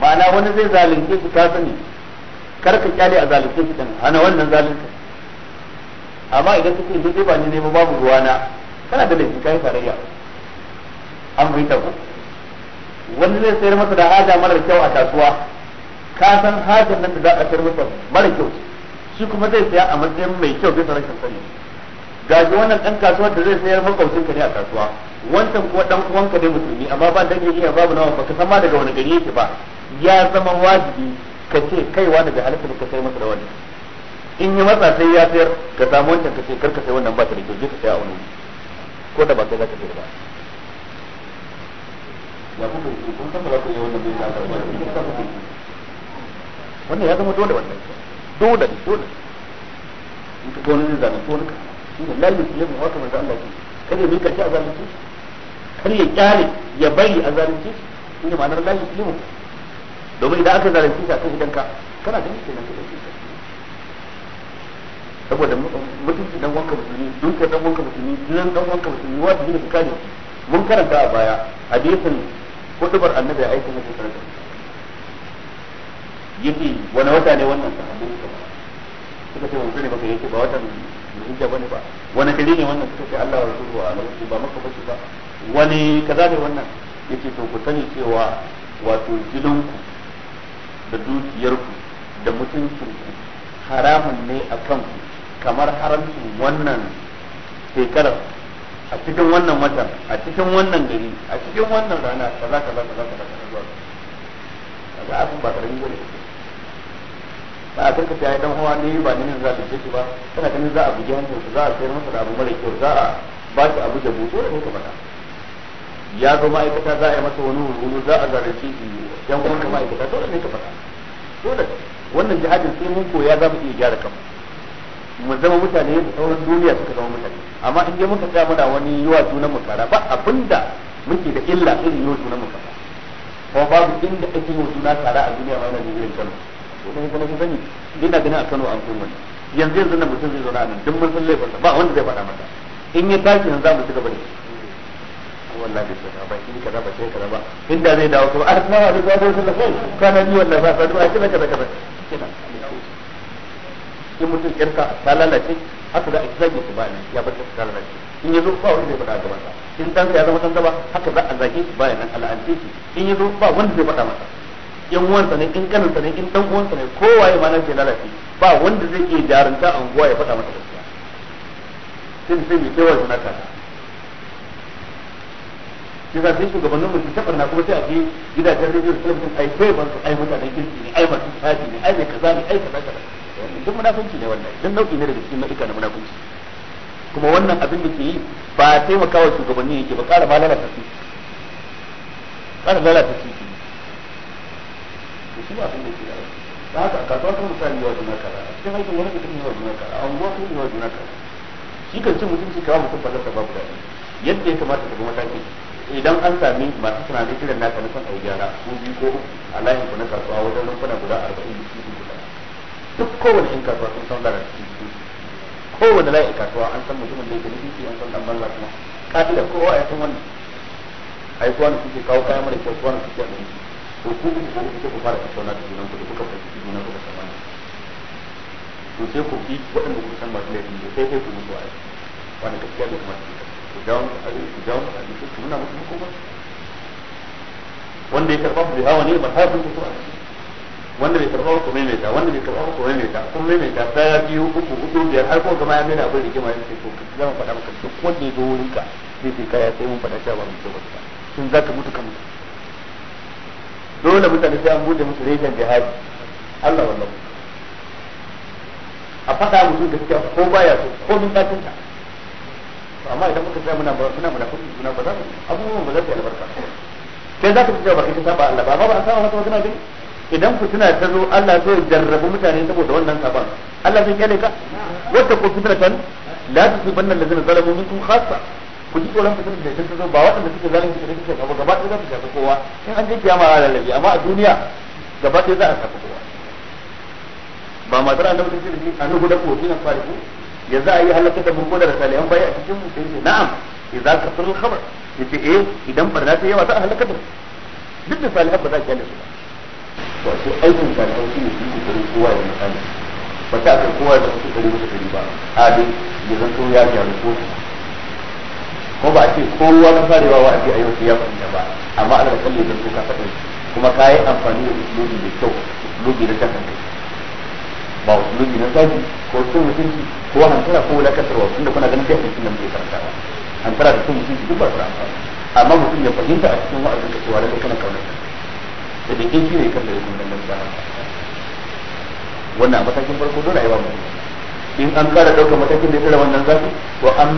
[SPEAKER 1] ma'ana wani zai zalunce shi ka sani kar ka kyale a zalunce shi din hana wannan zalunci amma idan kake ni zai ba ni ne ba babu ruwa na kana da laifi kai tarayya an bai ta ku wani zai sayar masa da hada marar kyau a kasuwa ka san hajar nan da za a sayar masa mara kyau shi kuma zai saya a matsayin mai kyau bisa rashin sani gaji wannan dan kasuwa da zai sayar makwabcin ka ne a kasuwa wancan kuwa dan uwanka ne musulmi amma ba dan iya babu nawa baka san ma daga wani gari yake ba ya zama wajibi ka ce kaiwa daga halitta ka sai masa da wani in yi matsa sai ya sayar ka samu wancan ka ce karka sai wannan ba ta da kyau je ka saya a wani ko da ba kai za ka sayar ba ya kuka kun san ba za ku yi wannan bai na aka ba kun san ba wannan ya zama dole wannan dole ne dole in ka gona ne zalunci wani ka shi ne lalle su yabin wata manzo Allah ke kar ya mika shi a zalunci kar ya kyale ya bari a zalunci shi ne ma'anar lalle su yabin domin idan aka zalunci shi a kan gidanka kana da mutum na ka shi saboda mutunci dan wanka musulmi dukkan dan wanka musulmi jinan dan wanka musulmi wajibi ne ka kare mun karanta a baya hadisin hudubar annabi a aikin mutum sallallahu yace wani wata ne wannan suka ce baka yake ba watan hujja bane ba wani ne wannan suka ce Allah wa wa alaihi ba maka bace ba wani kaza ne wannan to ku sani cewa wato gidanku da dukiyarku da mutuncinku haramun ne a kanku kamar haramcin wannan shekarar a cikin wannan watan a cikin wannan gari a cikin wannan rana kaza kaza kaza kaza kaza kaza ba a karka ta dan hawa ne ba ne za ta ce ba kana ganin za a buge hancin su za a sayar masa da abu mara kyau za a ba shi abu da buto da kai kamata ya zo ma'aikata za a yi masa wani hulu za a zarafi shi yan uwan ma'aikata dole ne ka faɗa dole wannan jihadin sai mun koya za mu iya gyara kanmu mu zama mutane da sauran duniya suka zama mutane amma in dai muka tsaya muna wani yiwa sunan mu kara ba abinda muke da illa irin yiwa sunan mu kara kuma babu inda ake yawa suna kara a duniya ma yana da irin kanu kuma kuma sun sani duk da gani a Kano an kuma yanzu yanzu na mutum zai zauna nan duk mun san laifinsa ba wanda zai faɗa masa in ya tashi yanzu za mu ci gaba da shi wallahi bai saka ba shi kaza ba shi kaza ba inda zai dawo kuma zai zo da rahmatullahi kana ni wallahi ba sadu a kaza kaza kina in mutum kirka ta lalace haka za a zage su bayan ya bar ta lalace in yazo ba wanda zai faɗa gaban in dan ya zama dan gaba haka za a zage bayan nan in yazo ba wanda zai faɗa masa yan uwansa ne in kaninsa ne in dan uwansa ne kowaye ma nan ke lalace ba wanda zai iya jarunta a unguwa ya faɗa masa gaskiya sai sai mai kewar na kasa shi za sai shugabannin mu su na kuma sai a je gidajen rediyo da talabijin ai sai ban su ai mutanen kirki ne ai masu tsari ne ai mai kaza ne ai kaza kaza duk munafunci ne wannan duk nau'i ne daga cikin nau'ika na munafunci kuma wannan abin da ke yi ba taimakawa shugabanni yake ba ƙara ma lalata su ƙara lalata su shi ba abin da ke yawa da haka a kasuwa kan mutane yawa juna kaza a cikin aikin wani mutum yawa juna kaza a unguwa sun yawa juna kaza shi kan cin mutunci kawo mutum fallasa babu daɗi yadda ya kamata ka ga mataki idan an sami masu tunanin irin naka na son aujana ko biyu ko a layin ku na kasuwa wajen rumfuna guda arba'in da cikin guda duk kowane in kasuwa sun san lara cikin cikin kowane layin kasuwa an san mutumin da yake da cikin an san dan banza kuma ka'ida kowa ya san wannan ai kuwa ne kuke kawo kaya mara kyau kuwa ne kuke abinci to ku ku ko ku ku fara tattauna da junan ku da kuka fahimci junan ku da saman to sai ku bi waɗanda ku san masu laifin da sai sai ku musu wa'azi wanda gaskiya bai kamata ku jawo ku jawo ku jawo ku jawo ku nuna musu makoma wanda ya karɓa ku hawa ne ba ta ku musu wa'azi wanda bai karɓa ku mai ta wanda bai karɓa ku mai ta kun mai ta ta ya biyu uku hudu biyar har kuma gama ya mai da abin rigima ya ce to zan faɗa maka duk wanda ya zo wurinka zai ce kaya sai mun faɗa cewa ba mu ce ba sun za ka mutu dole mutane sai an bude musu reshen jihadi Allah wannan a faɗa musu gaskiya ko baya so ko min ta amma idan muka tsaya muna suna muna kuɗi muna ba za mu abubuwan ba za su yi albarka sai za ka fi cewa ba kai ta saba Allah ba amma ba a saba masa magana gani idan fitina ta zo Allah zai jarrabu mutane saboda wannan saban Allah zai kyale ka wata ko fitratan la tusibanna allazina zalamu minkum khassa ku ji tsoron fitar da ta zo ba waɗanda suke zalunci da suke gaba gaba ɗaya za su shafi kowa in an je kiyama a lalabi amma a duniya gaba ɗaya za a shafi kowa ba matar annabi ta ce da shi annabi da kofi na salihu ya za a yi halaka da mun da salihan bai a cikin mu sai na'am idan ka sun khabar yace eh idan barna ta yawa za a halaka da duk da salihan ba za a kyale su ba wato aikin salihan shi ne shi ne kowa ya misali ba ta kai kowa da su kare musu kare ba a dai ya ya gyaru ko ko ba a ce kowa ka farewa wa aji a yau sai ya fahimta ba amma ana kalli da su ka faɗin kuma ka yi amfani da usulubi mai kyau usulubi na kasan kai ba usulubi na zagi ko sun mutunci ko hantara ko wulakantarwa tunda kuna ganin kai mutum da muke karantawa hantara da sun mutunci duk ba su amfani amma mutum ya fahimta a cikin wa'azin ka cewa lalle kana kaunar da da shi ne kan da yake nan da wannan matakin farko dole a yi wa mutum in an kara ɗaukar matakin da ya tsira wannan zafi
[SPEAKER 3] ko an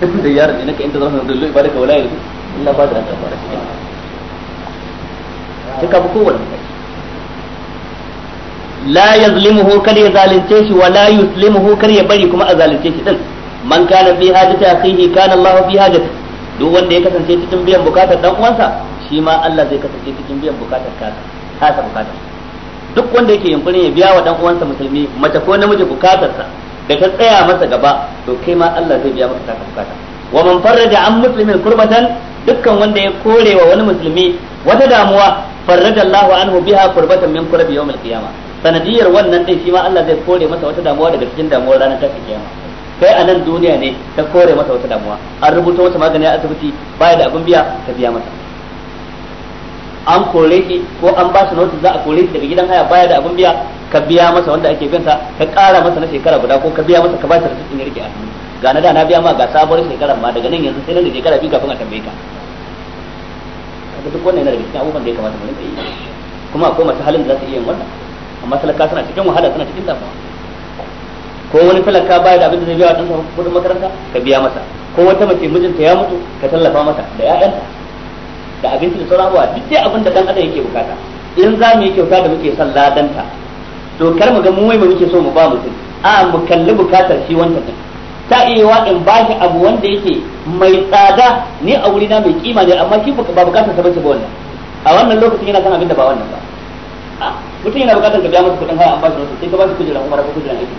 [SPEAKER 3] da yar ne naka inda zama da lullu ibadaka wala yuzu illa ba da kan fara cikin ta kafa kowanne la yazlimuhu kar ya zalunce shi wa la yuslimuhu kar ya bari kuma a zalunce shi din man kana fi hajati akhihi kana Allahu fi hajati duk wanda ya kasance cikin biyan bukatar dan uwansa shi ma Allah zai kasance cikin biyan bukatar kasa kasa bukatar duk wanda yake yunkurin ya biya wa dan uwansa musulmi mace ko namiji bukatarsa da ka tsaya masa gaba to kai ma Allah zai biya maka ta bukata wa man farraja an muslimin kurbatan dukkan wanda ya kore wa wani musulmi wata damuwa farraja Allahu anhu biha kurbatan min kurbi yawmil qiyamah sanadiyar wannan din shi ma Allah zai kore masa wata damuwa daga cikin damuwar ranar ta kiyama kai a nan duniya ne ta kore masa wata damuwa an rubuta masa magani a asibiti baya da abin biya ka biya masa an kore shi ko an ba shi notice za a kore shi daga gidan haya baya da abin biya ka biya masa wanda ake bin sa ka ƙara masa na shekara guda ko ka biya masa ka ba shi rasitin ya rike a hannu ga na da na biya ma ga sabuwar shekara ma daga nan yanzu sai nan da shekara biyu kafin a tambaye ka kaga duk wannan yana daga cikin abubuwan da ya kamata mu yi kuma akwai masu halin da za su iya yin wannan amma talaka suna cikin wahala suna cikin damuwa ko wani talaka baya da abin da zai biya wa ɗansa kuɗin makaranta ka biya masa ko wata mace mijinta ya mutu ka tallafa mata da 'ya'yanta da abinci da sauran abubuwa duk dai abin da ɗan adam yake bukata in za mu yi kyauta da muke son ladanta to kar mu ga mu wai muke so mu ba mutum a mu kalli bukatar shi wanda ta ta iya wa in ba shi abu wanda yake mai tsada ni a wuri na mai kima ne amma shi ba bukatar sa bace ba wannan a wannan lokacin yana kan abin da ba wannan
[SPEAKER 2] ba
[SPEAKER 3] mutum yana bukatar ka biya masa kuɗin haya an ba shi wasu sai ka ba shi kujerar umara ko kujerar aiki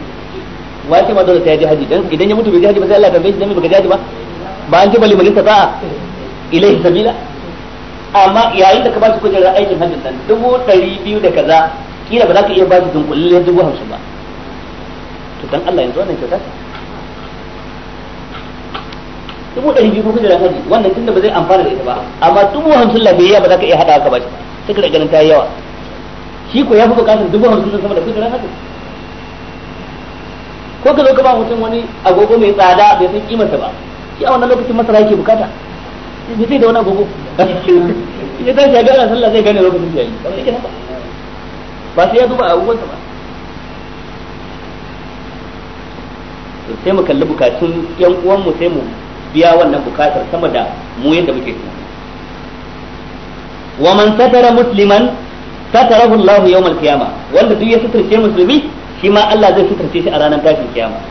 [SPEAKER 3] wa ce ma dole ta yaji haji dan idan ya mutu bai ji haji ba sai Allah ya tambaye shi dan bai haji ba ba an ji bali mun ta ilaihi sabila amma yayin da ka ba shi kujerar aikin hajjin nan dubu ɗari biyu da kaza kila ba za ka iya ba shi dunkulalliyar dubu hamsin ba to dan Allah yanzu wannan kyauta dubu ɗari biyu kuka da haji wannan tunda ba zai amfana da ita ba amma dubu hamsin lafiyayya ba za ka iya haɗa ka ba shi sai ka ganin ta yi yawa shi ko ya fi bukatar dubu hamsin sama da kujerar haji ko ka zo ka ba mutum wani agogo mai tsada bai san kimarsa ba shi a wannan lokacin masara yake bukata bai sai da wani agogo ya tashi ya gana sallah zai gane lokacin da ya yi kamar yake haka ba sai ya duba abubuwansa ba sai mu kalli bukatun yan uwan mu sai mu biya wannan bukatar sama da mu yadda muke tunani wa man satara musliman satarahu Allah yawmal qiyama wanda duk ya suturce musulmi shi ma Allah zai suturce shi a ranar tashin kiyama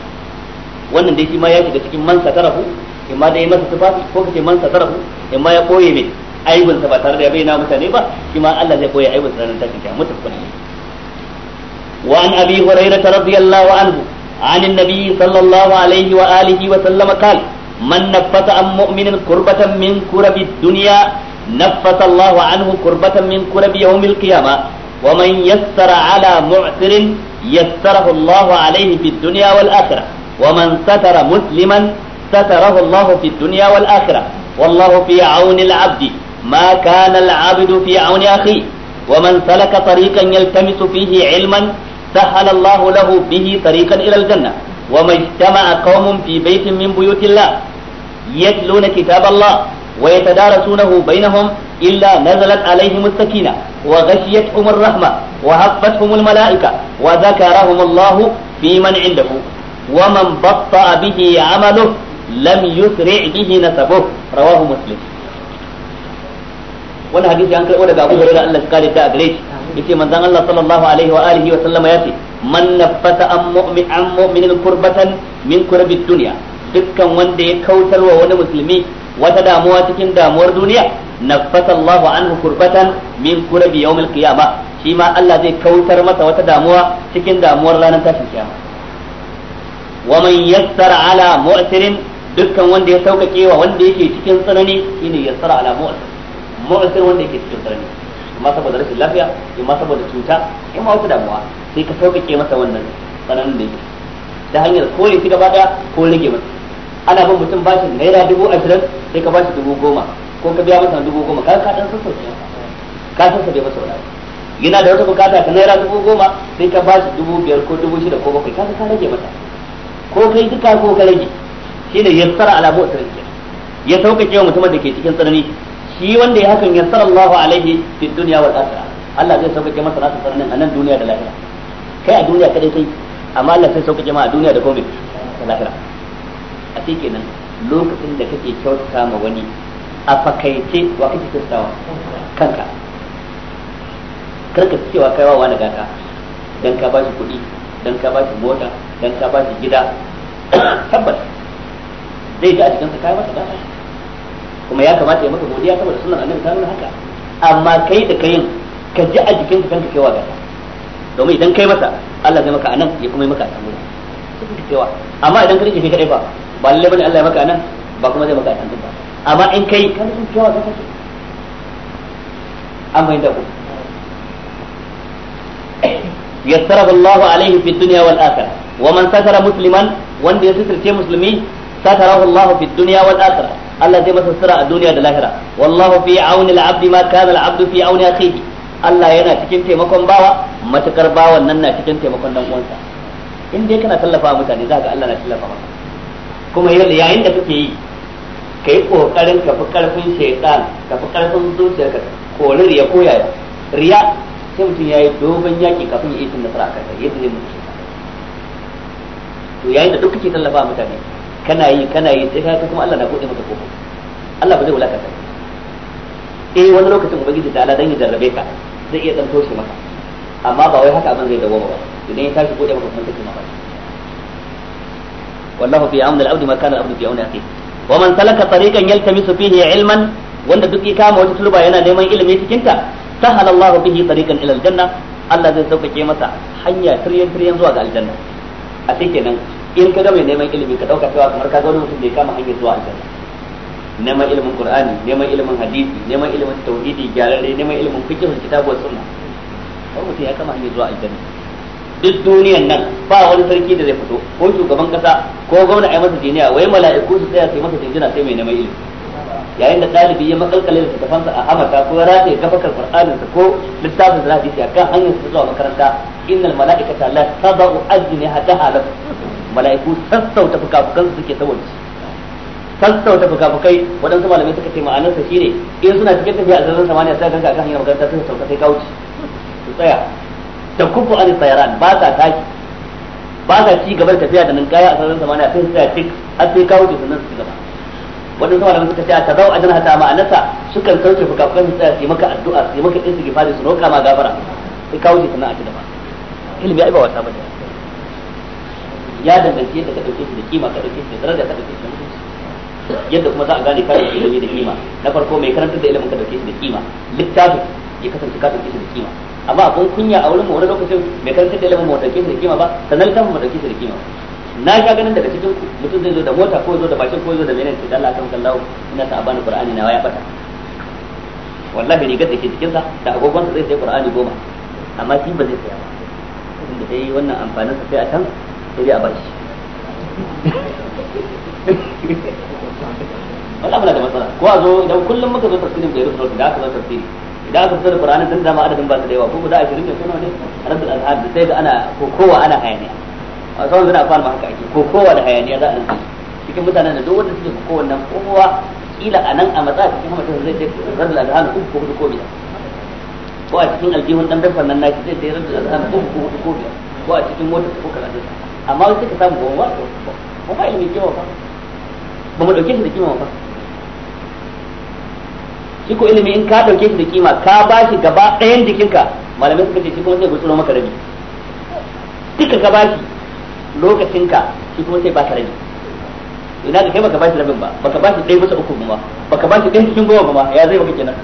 [SPEAKER 3] wannan dai shi ma ya shiga cikin man satarahu imma dai masa tufafi ko kace man satarahu imma ya koye mai aibin sa ba tare da ya bayyana mutane ba shi ma Allah zai koye aibin sa ranar tashin kiyama mutum وعن أبي هريرة رضي الله عنه عن النبي صلى الله عليه وآله وسلم قال من نفت عن مؤمن كربة من كرب الدنيا نفت الله عنه كربة من كرب يوم القيامة ومن يسر على معسر يسره الله عليه في الدنيا والآخرة ومن ستر مسلما ستره الله في الدنيا والآخرة والله في عون العبد ما كان العبد في عون أخيه ومن سلك طريقا يلتمس فيه علما سهل الله له به طريقا إلى الجنة وما اجتمع قوم في بيت من بيوت الله يتلون كتاب الله ويتدارسونه بينهم إلا نزلت عليهم السكينة وغشيتهم الرحمة وهفتهم الملائكة وذكرهم الله في من عنده ومن بطأ به عمله لم يسرع به نسبه رواه مسلم wani hadisi an karɓo daga Abu Hurairah Allah ya kare ta a gare shi yace manzon Allah sallallahu alaihi wa alihi wa sallama yace man nafasa an mu'min an mu'minin kurbatan min kurabid dunya dukkan wanda ya kautarwa wani musulmi wata damuwa cikin damuwar duniya nafasa Allah anhu kurbatan min kurabi yawmil qiyama shi ma Allah zai kautar masa wata damuwa cikin damuwar ranar tashin kiyama wa man yassara ala mu'sirin dukkan wanda ya sauƙaƙe wa wanda yake cikin tsanani shine yassara ala mu'sir sai wanda yake cikin tsanani amma saboda rashin lafiya amma saboda cuta ma wata damuwa sai ka sauƙaƙe masa wannan tsananin da yake ta hanyar ya fi gaba ɗaya ko rage masa ana bin mutum bashi naira dubu ashirin sai ka bashi dubu goma ko ka biya masa dubu goma kaga ka dan sassauce ka sassauce masa wani yana da wata bukata ta naira dubu goma sai ka bashi dubu biyar ko dubu shida ko bakwai kaga ka rage masa ko kai duka ko ka rage shine yassara a mu'tarin ya sauƙaƙe wa mutumin da ke cikin tsanani shi wanda ya hakan yassara Allah alaihi fi dunya wal akhirah Allah zai sauƙaƙe masa nasu sarnin a nan duniya da lahira kai a duniya kadai kai amma Allah sai sauƙaƙe ma a duniya da komai da lahira a sai kenan lokacin da kake kyautata ma wani a fakaice wa kake kyautatawa kanka karka cewa kai wa wani gata dan ka ba shi kuɗi dan ka shi mota dan ka shi gida tabbas zai ji a cikin sa kai masa gata kuma ya kamata ya maka godiya saboda sunan annabi ta nuna haka amma kai da kayin ka ji a jikin ka kanka kewa gata domin idan kai masa Allah zai maka anan ya kuma yi maka a tambuna suka kewa amma idan ka rike kai kadai ba ba lalle bane Allah ya maka anan ba kuma zai maka a tambun ba amma in kai ka rike kewa gata ce an bayyana ku yassarahu Allah alaihi fi dunya wal akhirah wa man satara musliman wanda ya sitirce musulmi satarahu Allah fi dunya wal akhirah Allah zai masa sura a duniya da lahira wallahu fi auni al-abd ma kana al-abd fi auni akhihi Allah yana cikin taimakon bawa matakar bawan nan na cikin taimakon dan uwansa in dai kana tallafa mutane za ga Allah na tallafa maka kuma yayin da kake yi ka yi kokarin ka fi karfin shaytan ka fi karfin zuciyarka kori riya ya koya riya sai mutum ya yi dogon yaki kafin ya yi nasara a kansa yadda zai mutu to yayin da duk kake tallafa mutane kana yi kana yi sai ka kuma Allah na bude maka kofa Allah ba zai wulakanta eh wani lokacin ubangiji ta Allah dan ya jarrabe ka zai iya dan toshe maka amma ba wai haka abin zai dawo ba idan ya tashi bude maka kuma kake mamaki wallahu fi amn al-abd ma kana al-abd fi auni akhi wa man salaka tariqan yaltamisu fihi ilman wanda duk ya kama wata turba yana neman ilimi cikin ta sahala Allah bihi tariqan ila al-janna Allah zai sauƙaƙe masa hanya tiryan tiryan zuwa ga aljanna a sai kenan in ka ga neman ilimi ka dauka cewa kamar ka gano wani mutum da ya kama hanyar zuwa aljanna neman ilimin qur'ani neman ilimin hadisi neman ilimin tauhidi gyararre neman ilimin fiqh kitabu wa sunna ko mutum ya kama hanyar zuwa aljanna duk duniyan nan ba wani sarki da zai fito ko shugaban kasa ko gwamna ai masa jiniya wai mala'iku su tsaya sai masa jinjina sai mai neman ilimi yayin da dalibi ya makalkale da tafansa a amata ko ya rataye gafakar qur'anin ko littafin da hadisi akan hanyar su zuwa makaranta innal mala'ikata la tadau ajnihataha lakum mala'iku sassauta fukafukan suke ta shi sassauta fukafukai waɗansu malamai suka ce sa shine in suna cikin tafiya a zaran samaniya sai ganka kan hanyar magana sai sauka sai kauci su tsaya da kufu an tsayaran ba ta taki ba ta ci gaba da tafiya da ninkaya a zaran samaniya sai tsaya cik har sai kauce sannan su gaba waɗansu malamai suka ce a tazau a janhata ma'anarsa sukan sauke fukafukan su tsaya su yi maka addu'a su yi maka istighfari su roƙa ma gafara sai kauce sannan a ci gaba ilimi ai ba wasa bane ya danganci yadda ka dauke shi da kima ka dauke shi da daraja ka dauke shi da mutunci yadda kuma za a gane ka dauke ilimi da kima na farko mai karantar da ilimin ka dauke shi da kima littafin ya kasance ka ɗauke shi da kima amma abun kunya a wurin mu wani lokacin mai karantar da ilimin mu ɗauke shi da kima ba sannan littafin mu ɗauke shi da kima na sha ganin daga cikin ku mutum zai zo da mota ko zo da bashin ko zo da menene sai Allah kan kallawo ina ta abana qur'ani na ya fata wallahi ne da ke cikin sa da agogon sa zai sai qur'ani goma amma shi ba zai saya ba tunda dai wannan amfanin sa sai a can sai a bashi wala muna da matsala ko a zo idan kullum muka zo tafsirin bai rufe da aka zo tafsiri idan aka zo Qur'anin tun dama adadin ba su da yawa ko guda 20 ne ko nawa ne rabbul alhad sai ga ana ko kowa ana hayaniya a sauran suna fara ma haka ake ko kowa da hayaniya za a rinka cikin mutanen da duk wanda suke ko kowannan kowa kila a nan a matsa cikin mutum zai je rabbul alhad uku ko hudu ko biyar ko a cikin aljihun dan dafan nan naki zai je rabbul alhad uku ko hudu ko biyar ko a cikin mota ko kaza amma wasu suka samu ba ba ba ilimin kima ba ba mu dauke shi da kima ba shi ko ilimi in ka dauke shi da kima ka ba shi gaba ɗayan jikinka malamai suka ce shi kuma sai gutsuro maka rabi duka ka ba shi lokacinka shi kuma sai ba ka rabi ina da kai baka ba shi rabin ba baka ba shi ɗaya bisa uku ba baka ba shi ɗaya cikin goma ba ya zai baka kenan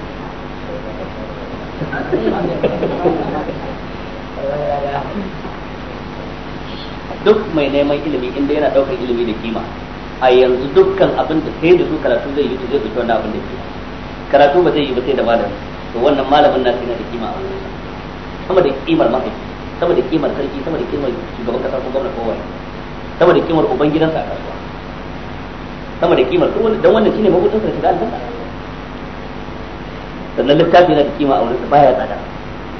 [SPEAKER 3] duk mai neman ilimi inda yana daukar ilimi da kima a yanzu dukkan abin da sai da su karatu zai yi zai fito wannan abin da kima karatu ba zai yi ba sai da malam to wannan malamin na sai da kima a wurin sama da kimar mahaifi sama da kimar sarki sama da kimar shugaban kasa ko gwamnati kowa sama da kimar uban gidansa a kasuwa sama da kimar kowa dan wannan shine mabudin sarki da aljanna sannan littafi na da kima a wurin sa baya tsada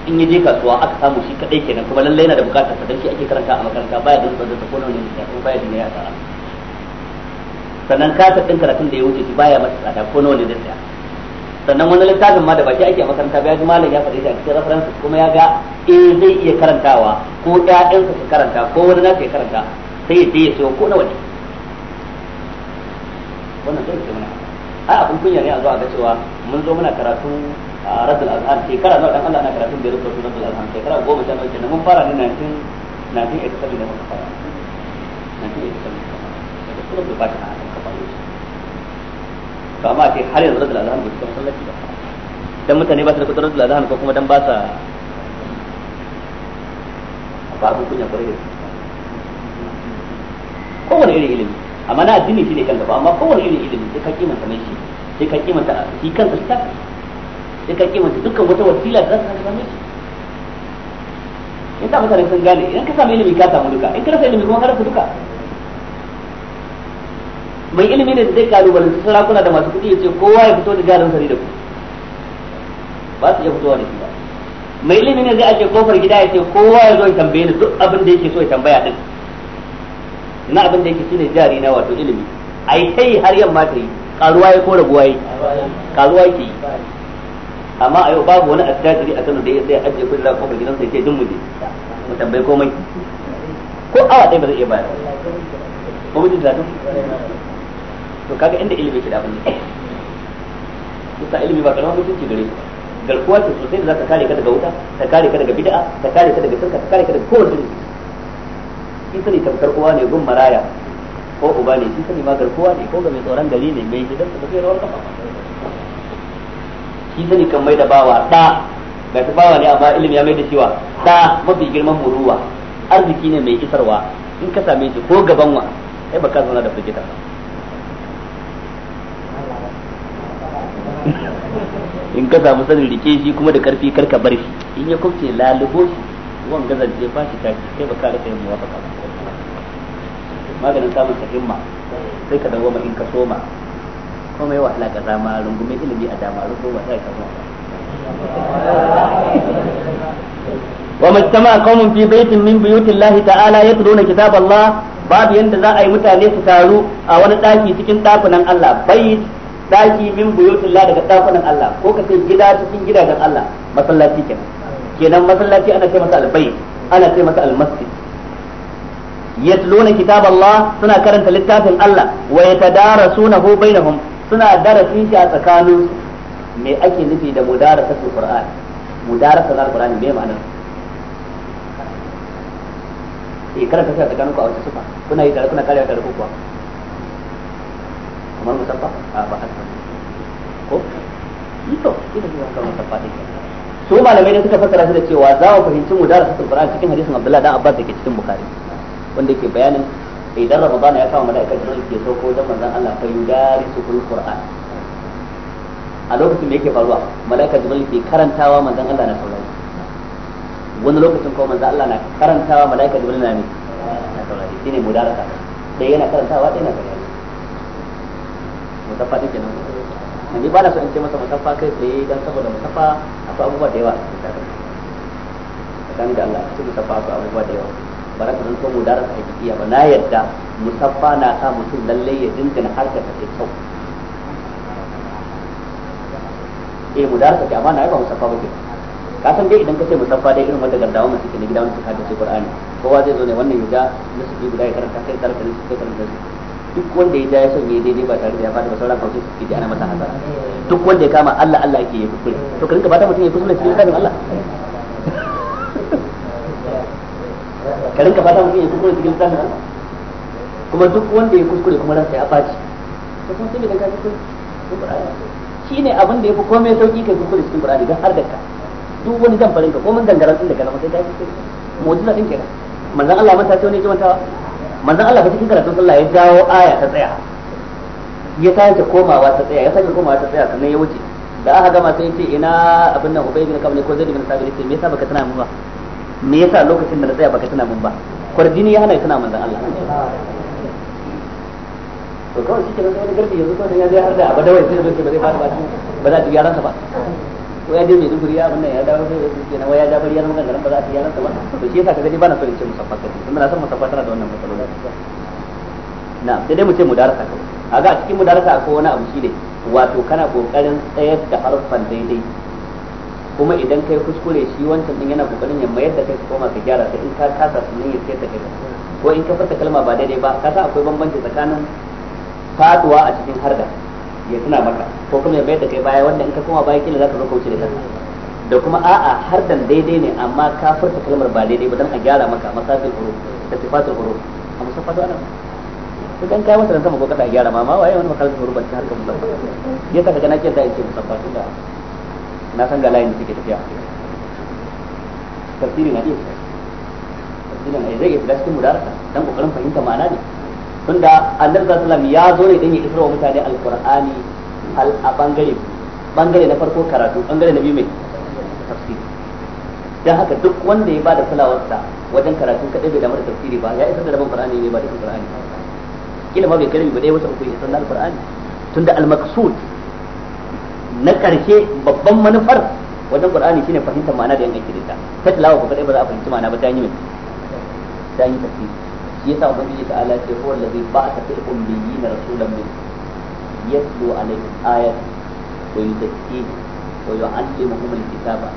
[SPEAKER 3] in yi je kasuwa aka samu shi kadai kenan kuma lallai yana da bukatar ka dan shi ake karanta a makaranta baya da zuwa da ko nawa ne ko baya da ya tsara sannan kasa din karatun da ya wuce shi baya masa tsada ko nawa ne ya sannan wani littafin ma da baki ake a makaranta ba ya ji malam ya faɗi shi a cikin reference kuma ya ga eh zai iya karantawa ko ƴaƴansa su karanta ko wani na ya karanta sai ya je ya sayo ko nawa ne wannan zai ce mana a'a abin kunya ne a zuwa ga cewa mun zo muna karatu a rasul al'an shekara dan Allah na karatun da shekara goma sha kenan mun fara ne 1987 da muka fara 1987 da da a kafa to amma ce har yanzu san ba dan mutane ba su da kudin ko kuma dan ba sa ba kunya da kowane irin ilimi amma na addini shi ne kan gaba amma kowane irin ilimi sai ka kimanta mai shi sai ka kimanta shi kansa shi sai ka kimanta dukkan wata wasila da za samu same shi in sa mutane sun gane idan ka samu ilimi ka samu duka in ka rasa ilimi kuma ka rasa duka mai ilimi ne da zai bari su sarakuna da masu kuɗi ya ce kowa ya fito da jarin sari da ku ba su iya fitowa da shi ba mai ilimi ne zai ake kofar gida ya ce kowa ya zo ya tambaye ni duk abin da yake so ya tambaya din ina abin da yake shine jari na wato ilimi ai kai har yamma ta yi karuwa ya ko raguwa yi karuwa ke yi amma a yau babu wani attajiri a Kano da ya sai ajiye kudi da kofar gidansa yake dun muje mu tambaye komai ko awa ɗaya ba zai iya bayar ko mutum talatin to kaga inda ilimi ke da abin da kusa ilimi ba karamar mutunci gare shi garkuwa ce sosai da za ka kare ka daga wuta ta kare ka daga bid'a ta kare ka daga sirka ta kare ka daga kowace ne shi sani tamkar uwa ne gun maraya ko uba ne shi sani ma garkuwa ne ko ga mai tsoron gari ne mai gidansa da zai rawar kafa shi sani kan mai da bawa da ga shi bawa ne amma ilimi ya mai da cewa da mafi girman muruwa arziki ne mai isarwa in ka same shi ko gaban wa ai baka zauna da firgita ba in ka samu sanin rike shi kuma da karfi karka bar shi in ya kauce lalubo shi wan gazan je ba shi tashi sai baka rasa yin muwafaka maganin samun ta himma sai ka dawo in ka soma komai wa Allah kaza ma ilimi a dama rubo wa sai kaza wa majtama qaumun fi baitin min buyutillahi ta'ala yatluna kitaballah babu yanda za a yi mutane su taru a wani daki cikin dakunan Allah bait daki min buyutullah daga dakunan Allah ko ka ce gida cikin gidajen Allah masallaci kenan kenan masallaci ana ce masa albayt ana ce masa almasjid yatluna kitab Allah suna karanta littafin Allah wa yatadarasunahu bainahum suna darasi shi a tsakanin me ake nufi da mudarasa qur'ani mudarasa quran me ma'ana eh kada ka sa tsakanin ku a wata sufa kuna yi da kuna karewa tare kuwa kamar musaffa a ba haka ko ito ita ce kamar musaffa take su malamai ne suka fassara shi da cewa za mu fahimci mudarasa qurani cikin hadisin Abdullah dan Abbas da ke cikin Bukhari wanda ke bayanin idan ramadan ya kama mala'ika jibril ke sauko dan manzon Allah fa yudarisul qur'an a lokacin da yake faruwa malaikar jibril ke karantawa manzon Allah na saurari wani lokacin kuma manzon Allah na karantawa malaikar jibril na ne na saurari shine mudaraka sai yana karantawa sai yana saurari mutaffa take nan ne ba da so in ce masa mutafa kai sai dan saboda mutafa akwai abubuwa da yawa a cikin da Allah su mutafa akwai abubuwa da yawa ba za ka zanto mudarar hakikiya ba na yadda musaffa na sa mutum lallai ya dingana harkar ta kai kyau eh mudarar ta amma na ba musaffa ba ke ka san dai idan ka ce musaffa dai irin wanda gardawa masu ke na gida wanda suka ce qur'ani kowa zai zo ne wannan yuga na su guda ya karanta kai karanta su kai karanta su duk wanda ya ja ya son ya daidai ba tare da ya fada ba sauran kawai suke ji ana
[SPEAKER 2] masa hazara duk wanda ya
[SPEAKER 3] kama Allah Allah yake ya kuskure to ka rinka bata mutum ya kuskure cikin kafin Allah
[SPEAKER 2] ka rinka fata mutum
[SPEAKER 3] ya kuskure cikin littafin Allah kuma duk wanda ya kuskure kuma ransa ya baci to kuma sai dan ka kuskure cikin Qur'ani shine abin da ya fi komai sauki kai kuskure cikin Qur'ani don har da ka duk wani zan farin ka ko mun dangara tun daga nan sai ka kuskure mu'jiza din kenan manzon Allah mata ce wani ke mata manzon Allah ba cikin karatun sallah ya dawo aya ta tsaya ya sake komawa ta tsaya ya sake komawa ta tsaya sannan ya wuce da aka gama sai ce ina abin nan ubay bin ko zaid bin sabiri ce me yasa baka tana mu ba me yasa lokacin da na tsaya baka tuna mun ba kwarjini ya hana tuna manzon Allah to kawai shi ke nan wani garbi yanzu kawai ya zai har da abada wai sai zai ba zai fara ba ba za a ji yaransa ba ko ya je mai duburi ya abinda ya da wani zai ke nan waya da bari yaran gangaran ba za a ji yaransa ba to shi yasa kaga dai bana so in ce musaffar kace tunda na san musaffar tana da wannan matsalolin na sai dai mu ce mu kawai a ga a cikin mu mudarasa akwai wani abu shi ne wato kana kokarin tsayar da harfan daidai kuma idan kai kuskure shi wancan din yana kokarin ya mayar da kai ka koma ka gyara sai in ka kasa ne ya sai ta kai ko in ka fasa kalma ba daidai ba ka san akwai bambanci tsakanin faduwa a cikin harda ya tuna maka ko kuma ya mayar da kai baya wanda in ka koma baya kila zaka zo ka wuce da kanka da kuma a'a hardan daidai ne amma ka furta kalmar ba daidai ba dan a gyara maka masafin huru da sifatul huruf a musafatu ana to dan kai masa sama ko kada gyara ma ma waye wani makalar huru ba ta harkar ba ya saka gana kiyar da ce musafatu da na san ga layin da suke tafiya tafsiri na iya tafsirin ai eh, zai iya fita cikin mudarasa dan kokarin fahimta ma'ana ne tunda annabi sallallahu alaihi ya zo ne dan ya isra wa mutane alqur'ani al a bangare bangare na farko karatu bangare na biyu mai tafsiri dan haka duk wanda ya bada kulawarsa wajen karatu kadai bai damar tafsiri ba ya isar da rabin qur'ani ne ba da qur'ani kila ma bai karbi ba dai wata uku ya san alqur'ani tunda al-maqsud na karshe babban manufar wajen qur'ani shine fahimtar ma'ana da yan aiki da ta tilawa ko kadai ba za a fahimci ma'ana ba ta yi mai ta yi tafi. shi yasa ubangiji ta ala ce huwa allazi ba'atha fil ummiyina rasulan min yatlu alaihim ayat wa yuzakkihim wa yu'allimuhum alkitaba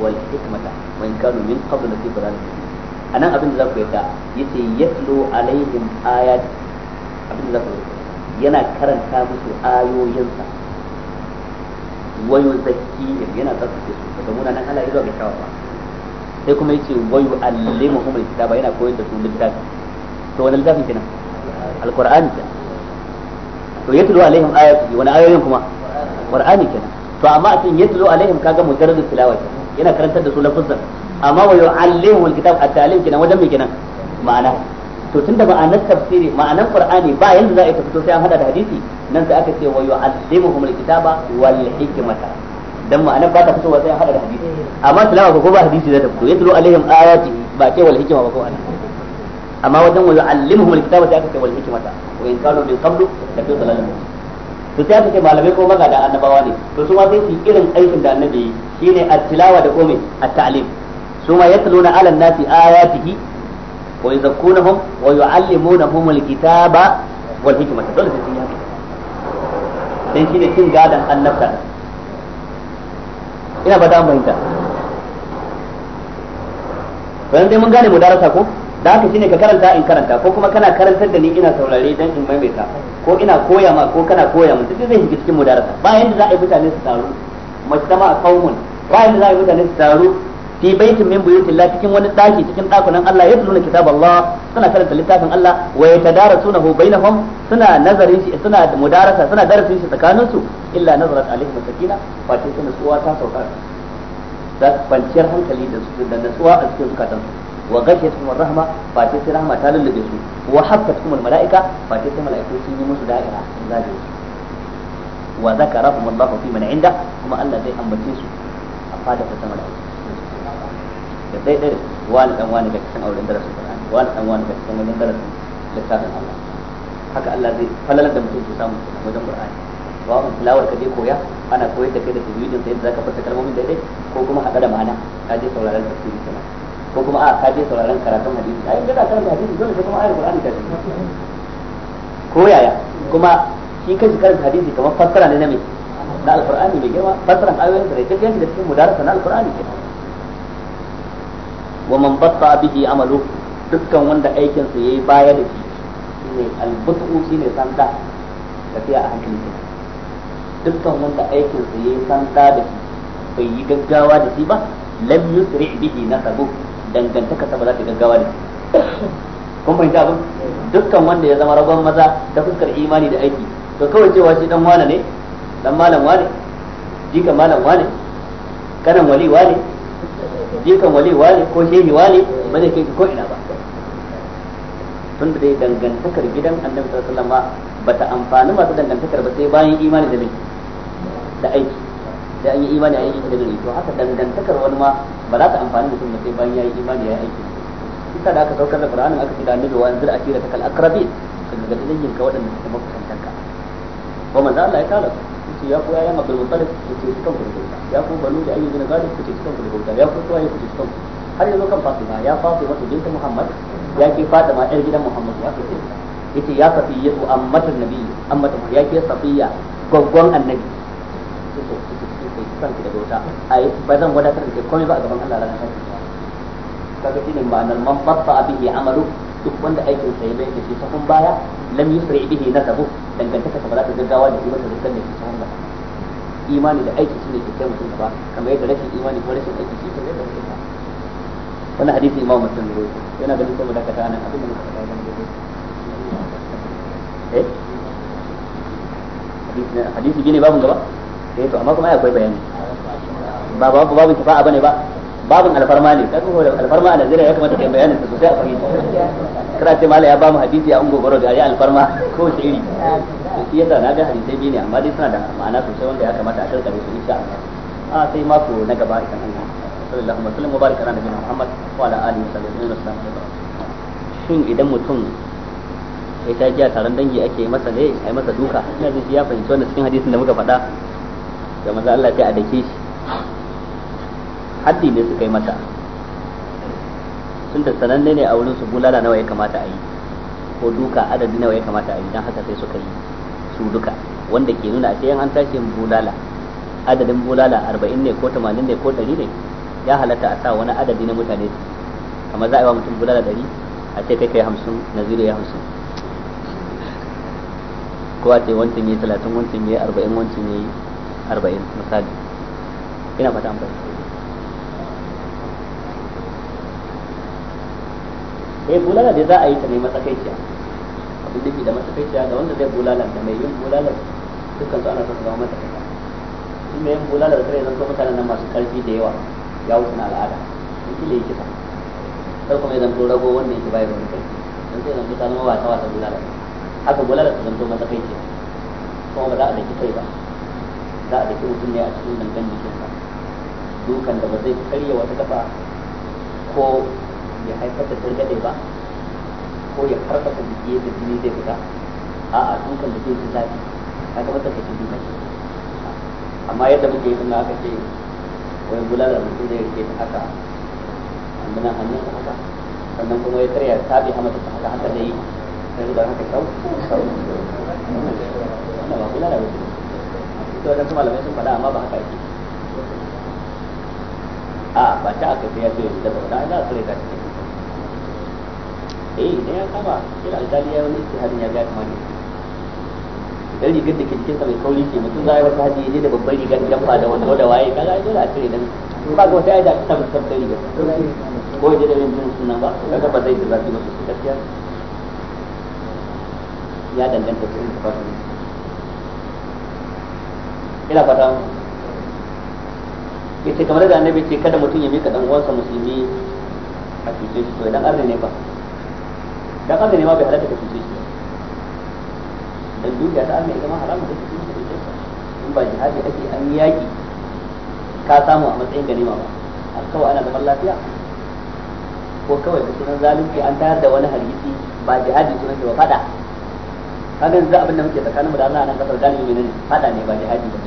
[SPEAKER 3] wal hikmata wa in kanu min qabl fi dhalalin anan abin da za ku yadda yace yatlu alaihim ayat abin da za ku yadda yana karanta musu ayoyinsa wa yuzakkihim yana tsarkake su daga munanan halaye zuwa ga ba sai kuma yace wa yu'allimuhum alkitaba yana koyar da su littafi to wani littafin kenan alqur'ani kenan to yatlu alaihim ayati wani ayoyin kuma qur'ani kenan to amma a cikin yatlu alaihim kaga mujarrad tilawa yana karantar da su lafazan amma wa yu'allimuhum alkitab at-ta'lim kenan wajen me kenan ma'ana to tunda ma'anar tafsiri ma'anar qur'ani ba yanda za a yi ta fito sai an hada da hadisi nan sai aka ce wa yu'allimuhum alkitaba wal hikmata dan ma'ana ba ta fitowa sai hada da hadisi amma tilawa ko ba hadisi zai ta fito yatlu alaihim ayati ba ce wal hikma ba ko ana amma wajen wa yu'allimuhum alkitaba sai aka ce wal hikmata wa in kanu min qablu la fi dhalalin to sai aka ce malamai ko maga da annabawa ne to su ma sai su irin aikin da annabi yi shine at-tilawa da komai at-ta'lim su ma yatluna ala an-nasi ayatihi wa yuzakkuna hum wa yu'allimunahum alkitaba wal hikmata dole sai shi shine cin an annabta ina ba da bayyana bayan dai mun gane mu darasa ko da haka shine ka karanta in karanta ko kuma kana karantar da ni ina saurare dan in maimaita ko ina koya ma ko kana koya mun duk zai shiga cikin mu darasa ba yanda za a yi mutane su taru mace a kaumun ba yanda za a yi mutane su taru fi baitin min buyutillah cikin wani daki cikin dakunan Allah ya tuna kitab Allah suna karanta littafin Allah wa yatadarasunahu bainahum suna nazarin shi suna mudarasa suna darasin shi tsakanin su illa nazarat alaihim sakina fa ta nutsuwa ta sauka da kwanciyar hankali da su a cikin zukatansu wa gashiyatuhum rahma fa ta rahma ta lullube su wa haffatuhum almalaika fa ta malaiku sun yi musu da'ira sun zaje su wa inda kuma Allah zai ambace su a fadar ta da daidai wani dan wani da kasan auren darasin Qur'ani wani dan wani da kasan auren darasin littafin Allah haka Allah zai falalar da mutum ke samu wajen Qur'ani ba mu tilawar ka je koya ana koyar da kai da tajwidin sai da zaka fasa kalmomin daidai ko kuma hada da ma'ana ka je sauraron tafsiri kana ko kuma a ka je sauraron karatun hadisi ai da karatun hadisi dole sai kuma ayar Qur'ani ta ko yaya kuma shi kai karanta hadisi kamar fassara ne na me na alqur'ani mai girma fassaran ayoyin da rike da cikin mudarasa na alqur'ani kenan wa man batta bihi amalu dukkan wanda aikin sa yayi baya da shi shine albutu shine sanda tafiya a hankali dukkan wanda aikin sa yayi sanda da shi bai yi gaggawa da shi ba lam yusri bihi nasabu dangantaka ta ba za ta gaggawa da shi kun fahimta abin dukkan wanda ya zama rabon maza da fuskar imani da aiki to kawai cewa shi dan wane ne dan malam wane jika malam wane kanan wali wane jikan wali wali ko shehi wali ba zai kai ko ina ba tun da dai dangantakar gidan annabi sallallahu alaihi wasallam ba ta amfani masu dangantakar ba sai bayan imani da mai da aiki da an yi imani a yi aiki da gari to haka dangantakar wani ma ba za ta amfani mutum ba sai bayan ya yi imani ya aiki kisa da aka saukar da qur'anin aka ce da annabi wa anzir asira takal akrabin kaga da dangin ka waɗanda suke makusantanka wa manzo Allah ya kala su ce ya ku yayan abdul muttalib ku ce cikin ku bauta ya ku banu da ayyubi na galib ku ce cikin ku da bauta ya ku suwaye ku ce cikin ku har yanzu kan fatima ya fatima mata jinta muhammad ya ke fatima yar gidan muhammad ya ku ce yace ya safiya tu ammatan nabi ammatan ya ke safiya gwaggon annabi to kanki da bauta ai ba zan wadatar da komai ba a gaban Allah ranar kiyama kaga shine ma'anar man batta bihi amalu duk wanda aikin sa ya bayyana shi ta kun baya lam yusri bihi nasabu dangantaka ta ba za ta gaggawa da imanin da kan da ke cikin wannan imani da aiki shine ke kai mutum gaba kamar yadda rashin imani ko rashin aiki shi ke yadda da mutum wannan hadisi imamu muslim ne yana ganin kuma da ka ta anan abin da muka faɗa ne eh hadisi ne babun gaba eh to amma kuma akwai bayani ba babu babu kifa bane ba babin alfarma ne kaga alfarma a Najeriya ya kamata kai bayanin su sosai a fahimta kana ce mala ya a da ya alfarma ko shi iri shi yasa na ga hadisai biyu ne amma dai suna da ma'ana sosai wanda ya kamata a karkare su a sai mako na gaba idan Allah sallallahu alaihi wa sallam shin idan mutum ya ta jiya taron dangi ake masa ne a masa duka ina da shi ya fahimci wannan cikin hadisin da muka faɗa da maza Allah ya a dake
[SPEAKER 2] shi
[SPEAKER 3] haddi ne suka yi mata tunda sananne ne a wurin su bulala nawa ya kamata a yi ko duka adadi nawa ya kamata a yi don haka sai suka yi su duka wanda ke nuna a ce an tashi bulala adadin bulala arba'in ne ko tamanin ne ko 100 ne ya halatta a sa wani adadi na mutane amma za a yi wa mutum bulala 100 a ce kai kai hamsin naziru ya hamsin kowa ce wancan ya yi talatin wancan ya yi arba'in wancan ya yi arba'in misali ina fata an fahimta eh bulala da za a yi ta mai matsakaiciya abu da da matsakaiciya da wanda zai bulala da mai yin bulalar dukkan su ana son zama matsakaiciya shi mai yin bulalar kare zan so mutanen nan masu karfi da yawa ya wuce na al'ada in kila yi kisa kar kuma zan to rago wanda yake bayar wani karfi dan sai zan ta zama wasa wasa bulala haka bulala ta zan matsakaiciya kuma ba za a daki kai ba za a daki mutum ne a cikin dangan jikinsa dukan da ba zai karya wata kafa ko ya haifar da ba ko ya farfasa jiki yadda jini zai fita a'a dukan da zai ne zafi kaga wata ka jini amma yadda muke yi suna aka ce wani bulala mutum zai rike ta haka hannun ta haka sannan kuma ya karya ta a mata ta haka haka da yi sai eh ne ya saba kira alƙali ya wani istihadin ya ga kamar ne dan rigar da ke cikin sa mai kauri ce mutum za a yi wata hajji ne da babban rigar jamfa da wanda da waye kaga dole a cire dan ba ga wata aida ta mutum da rigar ko je da yin sunan ba kaga ba zai da zafi masu su gaskiya ya danganta cikin tafafin ina fata Ita kamar da annabi ce kada mutum ya mika dan uwansa musulmi a cikin shi to idan arne ne ba dan Allah ne ma bai halaka ka cuce shi dan dukiya ta Allah ita ma haramun da cuce shi da in ba jihadi ake an yaki ka samu a matsayin ganima ba har kawai ana zaman lafiya ko kawai da sunan zalunci an tayar da wani hargitsi ba jihadi sunan shi ba fada kaga yanzu abin da muke tsakaninmu da Allah nan kasar galibi ne fada ne ba jihadi ba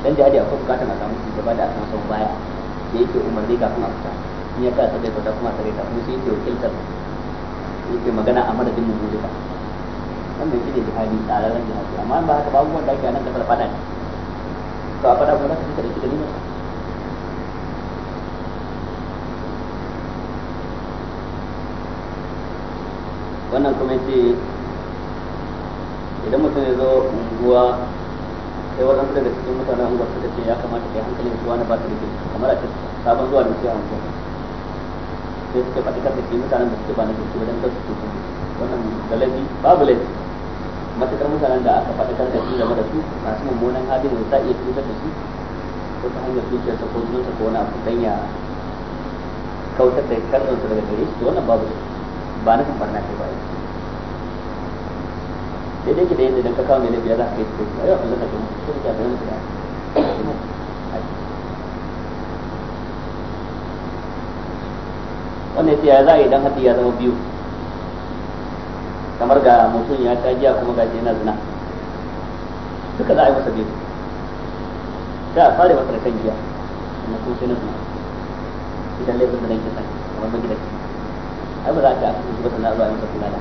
[SPEAKER 3] dan jihadi akwai bukatar a samu shugaba da akan sau baya da yake umarni kafin a fita in ya kasa bai fita kuma a ta kuma sai yake wakiltar yake magana a madadin mu duka wannan shine jihadi tsararren jihadi amma ba haka ba abubuwan da ake nan kasar fada ne to a fada kuma zaka da shi da nuna wannan kuma yace idan mutum ya zo unguwa sai waɗansu daga cikin mutanen unguwa suka ce ya kamata ka yi hankali da shi wani ba su da kamar a ce sabon zuwa da shi a unguwa sai suka faɗi kasa ke mutanen da suke ba na kirki wajen kasu su kuma wannan galabi babu laifi matakar mutanen da aka faɗi kasa su game da su masu mummunan hadin da za a iya cutar da su ko ta hanyar sa ko jininsa ko wani abu dan ya kautar da karɗinsa daga gare shi wannan babu laifi ba na kamar na kai ba daidai ke da yadda idan ka kawo mai laifi ya za ka kai su kai su ayyukan yau a lokacin su ka kai su wannan yace ya za a idan haddi ya zama biyu kamar ga mutum ya ta giya kuma ga gashi yana zina duka za a yi masa biyu ta a fara masa da kan giya na kuma sai na zina idan laifin da nan kisa kamar magidanci ai ba za a ce a kuma shi ba sana'a zuwa yi masa kulala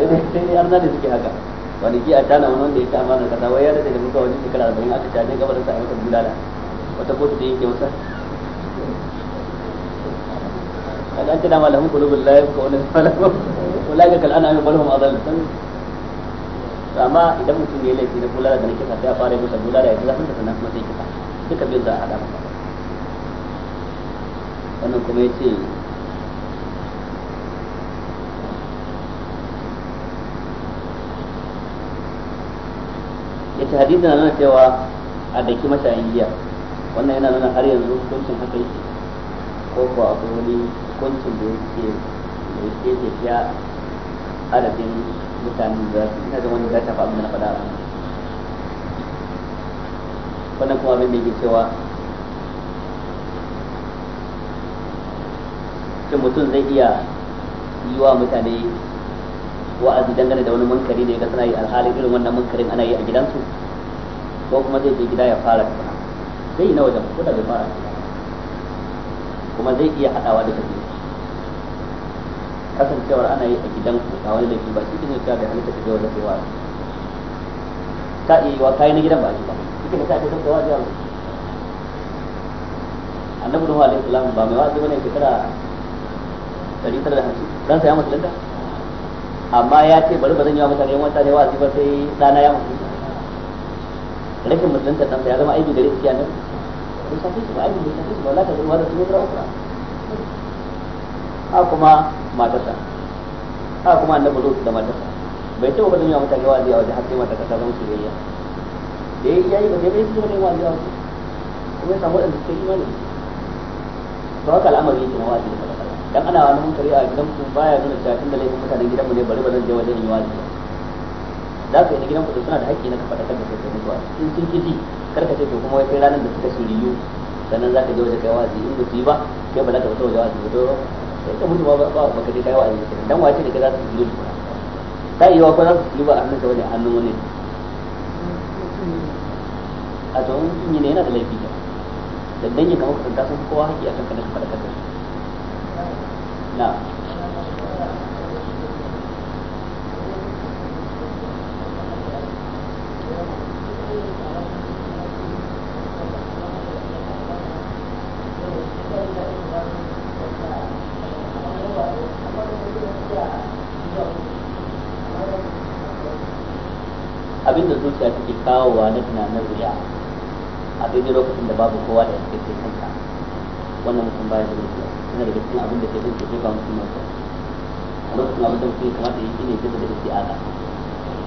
[SPEAKER 3] sai dai arna da suke haka wani ji a tana wani wanda ya ta amana kasa wai ya dace da mutuwa wani shekara da arba'in aka ta ne gabarin sa a yi masa bulala wata kotu da yake wasa kaga an ce dama lahum wani balhum amma idan mutum ya laifi na da nake sai ya fara ya zafin sannan kuma sai kifa duka bin za a hada masa wannan kuma na nuna cewa a daki mashayin giya wannan yana nuna har yanzu hukuncin haka yake ko kuwa akwai wani hukuncin da yake da yake da ya adadin mutanen da su ina da wani za ta fa na faɗa wannan kuma abin da yake cewa shin mutum zai iya yi wa mutane wa'azi dangane da wani munkari ne ga suna yi alhalin irin wannan munkarin ana yi a gidansu ko kuma zai je gida ya fara zai yi na wajen ko da bai fara kuma zai iya haɗawa da tafiya. kasancewar ana yi a gidan ku a wani laifi ba shi ke da halitta ta wajen kaiwa ta iya yiwa kayan gidan ba a ji ba shi ke sa ta kaiwa jiya ba annabi nuhu alaihi salam ba mai wa'azi bane shekara da dan Ransa ya musulunta amma ya ce bari ba zan yi wa mutane wata ne wa'azi ba sai dana ya musulunta rashin musulunta dan ya zama aiki gare shi annabi bai shafi shi ba aiki bai shafi shi ba la ta da su ne ukra ha kuma matarsa ha kuma annabi zo da matarsa bai taɓa ba duniya mutane wazi a waje har sai matarsa ta zama soyayya da ya yi yayi ba sai bai su ne wazi a waje kuma ya samu waɗanda suka yi imani to haka al'amari yake na wazi da dan ana wani munkari a gidan ku baya nuna cewa tunda laifin mutanen gidan mu ne bari ba zan je wajen yi wazi da ka yi gidan ku suna da haƙƙi na ka faɗa kan da mutuwa in sun ce to kuma wai sai ranar da suka shiriyu sannan za ka je waje kai in ba su yi ba ba za ka fita waje ba sai ka mutu ba ba ba ka dai wa ayyuka dan wace ne ka za su yi ta yi wa ko za su yi ba a hannun ka wani a hannun wani a to mutum ne yana da laifi ne da yi kamar ka san kowa haƙi a kan ka da ka faɗa ka na walidina na wuya a daidai lokacin da babu kowa da yake sai kanka wannan mutum baya da mutum yana daga cikin abin da ke zai ke ba mutum mai kyau a lokacin abin da mutum ya kamata ya yi ne ke da isti'aza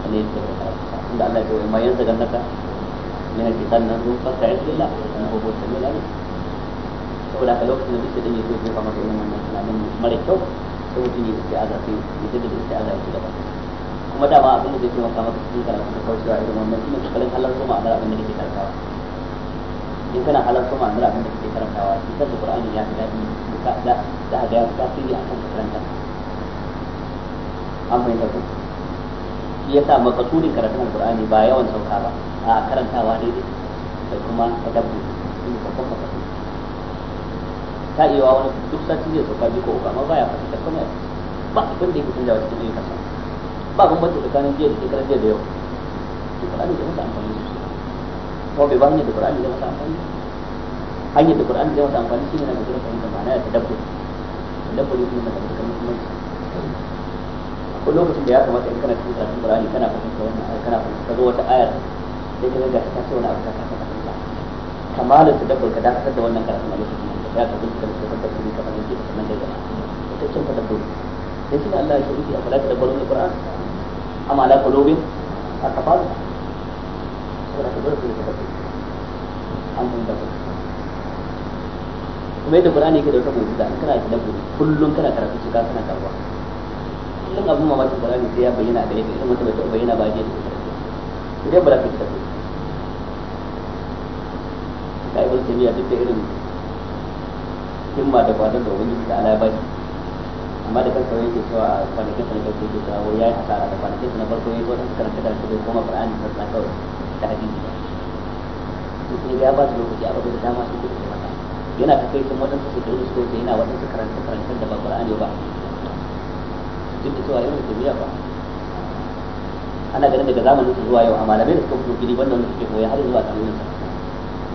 [SPEAKER 3] ne yake da karatu inda Allah ya ce ma yanzu gannaka yana ke nan zuwa fasta ya ce a na hobo sami mila saboda haka lokacin da bisa da ne zai zo mutum irin wannan tunanin mara kyau sai mutum ya ala sai ya ce da ala ya ci gaba kuma dama abin da zai taimaka maka cikin karatu da kaucewa irin wannan ne kakalin halar kuma a abin da kake karantawa in kana halar kuma a abin da kake karantawa shi da qur'ani ya fi daɗi da da ya ga tasiri a kan karanta an mai da shi sa makasudin karatun alqur'ani ba yawan sauka ba a karantawa daidai da kuma dabbu shi ne babban makasudi ta iya wani duk sati zai sauka biyu ko uku amma baya fahimtar kuma ba abin da yake canjawa cikin ayyukan ba bambanci tsakanin jiya da shekaran jiya da yau to da masa amfani ko bai ba hanyar da Qur'ani da masa amfani hanyar da Qur'ani da masa amfani shine na da Qur'ani da ma'ana ya tadabbur tadabbur yana da kuma muhimmanci akwai lokacin da ya kamata in kana cikin karatun Qur'ani kana fahimta wannan ayar kana fahimta zo wata ayar sai ka ga ta ce wani abu ta kasa fahimta kamalin tadabbur ka dakatar da wannan karatun a lokacin da ya ka bincika da kuma ka fahimta kuma kai gaba cikakken tadabbur sai shi Allah ya ce a falaka da barun Qur'ani am ala qulubin akfal kuma yadda qur'ani da kana da dabbobi kullum kana karatu shi ka kana karwa kullum qur'ani sai ya bayyana a gare ka irin wata bai taɓa bayyana ba da dai ka yi duk da irin himma da kwadon da wani da ala ya bashi amma da kansa yake cewa a kwanakin sa na farko yake cewa wai yayi hasara da kwanakin sa na farko yake wata karanta da kuma kuma Qur'ani da sa kawai da hadisi ba sai ya ba su lokaci a babu dama su kuka mata yana takai sun wadansu su dole su yana wadansu karanta karanta da ba Qur'ani ba duk da cewa yana da biya ba ana ganin daga zamanin su zuwa yau a malamai da suka fito gidi wannan wanda suke koyi har zuwa zamanin sa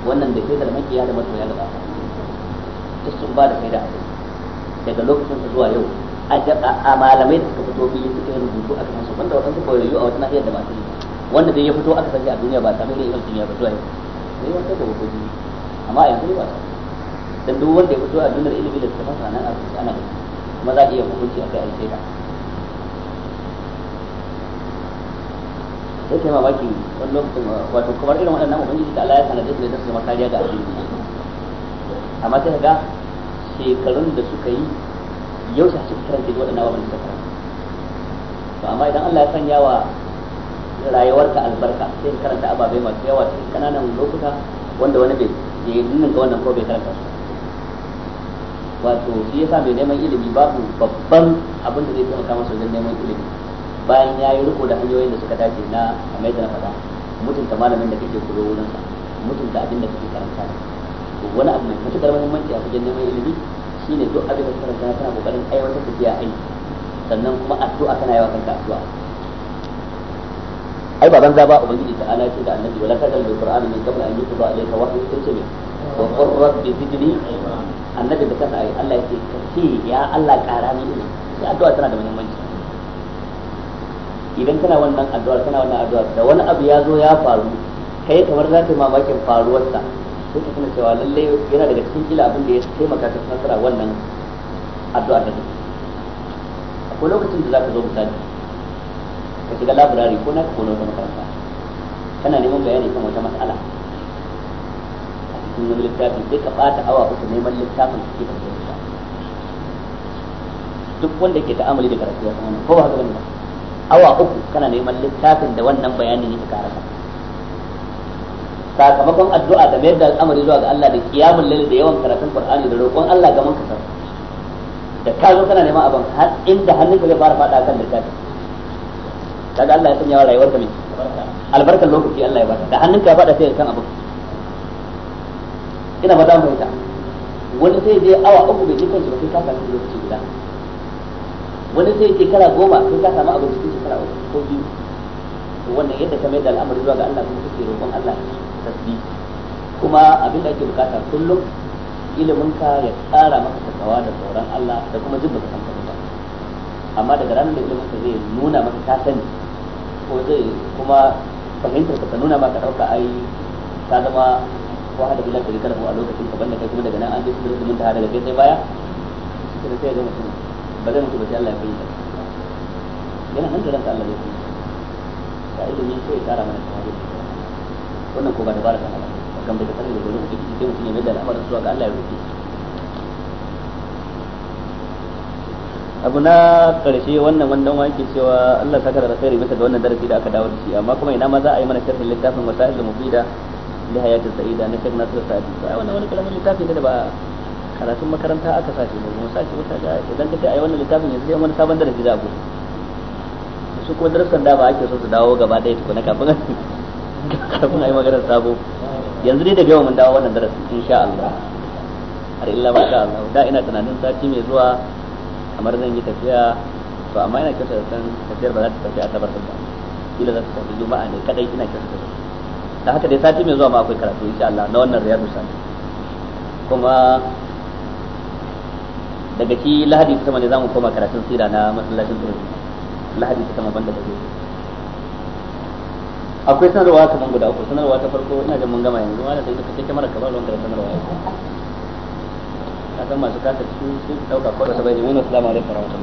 [SPEAKER 3] wannan da ke da makiya da masoya gaba duk sun ba da kai da daga lokacin zuwa yau a malamai da suka fito biyu suka yi rubutu a kansu wanda waɗansu koyayyu a wata nahiyar da ba su wanda dai ya fito aka sanya a duniya ba sami da irin duniya ba zuwa yau sai wata da wakoji amma a yanzu ba dan duk wanda ya fito a duniyar ilimi da suka fasa nan a rubuce ana da kuma za a iya hukunci a kai a shaida sai kai mamaki wani lokacin wato kamar irin waɗannan ubangiji da Allah ya sanar da su ne su zama kariya ga addini amma sai ka ga shekarun da suka yi yau sa suka karanta da waɗannan abubuwan suka karanta to amma idan Allah ya sanya wa rayuwarka albarka sai karanta ababai masu yawa cikin kananan lokuta wanda wani bai je nan ga wannan ko bai karanta su wato shi yasa mai neman ilimi babu babban abin da zai taimaka masa wajen neman ilimi bayan ya yi riko da hanyoyin da suka dace na a mai na faɗa mutunta malamin da kake wurin wurinsa mutunta abin da kake karanta wani abu mai matuƙar muhimmanci a wajen neman ilimi ne duk abin da kana kana kokarin aiwatar da biya aiki sannan kuma addu'a kana yawa kanka addu'a ai ba banza ba ubangiji ta ala ce da annabi wala ka dalil qur'ani min qabla an yuqda alayka wa sai ce ne wa qur rabbi zidni annabi da kansa ai Allah ya ce kace ya Allah kara min ilimi ya addu'a tana da muhimmanci idan kana wannan addu'a kana wannan addu'a da wani abu ya zo ya faru kai kamar za ka mamakin faruwarsa sun tafi tuna cewa lallai yana daga cikin kila abin da ya taimaka ka fassara wannan addu'a da take akwai lokacin da za ka zo misali ka shiga labirari ko na ko na wata makaranta kana neman bayani kan wata mas'ala a cikin wani littafi sai ka bata awa uku neman littafin da ke fahimta duk wanda ke ta'amali da karatu ya san wannan ko ba haka bane awa uku kana neman littafin da wannan bayani ne ka karasa sakamakon addu'a da mayar da al'amari zuwa ga Allah da kiyamul lail da yawan karatun Qur'ani da roƙon Allah ga manka sa da ka zo kana neman abin har inda hannunka zai fara fada kan littafi kaga Allah ya sanya wa rayuwarka mai albarkar lokaci Allah ya baka da hannunka ya fada sai ka san abin ina ba za mu fahimta wani sai je awa uku bai ji shi ba sai ka samu lokaci guda wani sai ke kala goma sai ka samu abin cikin shekara uku ko biyu wannan yadda ka mai da al'amari zuwa ga Allah kuma kake roƙon Allah tasbi kuma abin da ake bukata kullum ilimin ka ya tsara maka takawa da tsoron Allah da kuma jin baka san ba amma daga ranar da ilimin ka zai nuna maka ka sani ko zai kuma fahimtar ka ta nuna maka dauka ai ka zama ko hada billahi kare karbu a lokacin ka banda kai kuma daga nan an ji sirrin mun ta daga kai sai baya sai sai ga mutum ba zai mutu ba sai Allah ya fahimta yana nan da ranka Allah zai fahimta ka ilimin sai ya tsara mana takawa wannan ko ba dabara ta Allah kan bai sanin da gobe kake ciki sai mutum ya mai da al'amarin zuwa ga Allah ya roƙe abu na karshe wannan wannan wanke cewa Allah saka da alkhairi bisa ga wannan darasi da aka dawo da shi amma kuma ina ma za a yi mana sharhin littafin wasa'il da mufida li hayati sa'ida na Sheikh Nasir Sa'id sai wannan wani kalamin littafi da ba karatun makaranta aka sace ne mu sace wata ga idan ka ai wannan littafin yanzu sai wani sabon darasi da abu su kuma darasan da ba ake so su dawo gaba ɗaya tukuna kafin kafin a yi sabo yanzu ne da yau mun dawo wannan darasi sha Allah har illa ba sha Allah da ina tunanin sati mai zuwa kamar zan yi tafiya to amma ina kyautar da san tafiyar ba za ta tafi a tabar ba kila za ta tafi juma'a ne kadai ina kyautar da da haka dai sati mai zuwa ma akwai karatu insha Allah na wannan riyadu sati kuma daga shi lahadi ta sama ne zamu koma karatun sira na masallacin turu lahadi ta sama banda da zai akwai sanarwa kaman guda uku sanarwa ta farko ina jin mun gama yanzu ma sai ka kike mara kaba kamar lokacin sanarwa ka san masu kasa su su dauka ko da bai ne wannan assalamu alaikum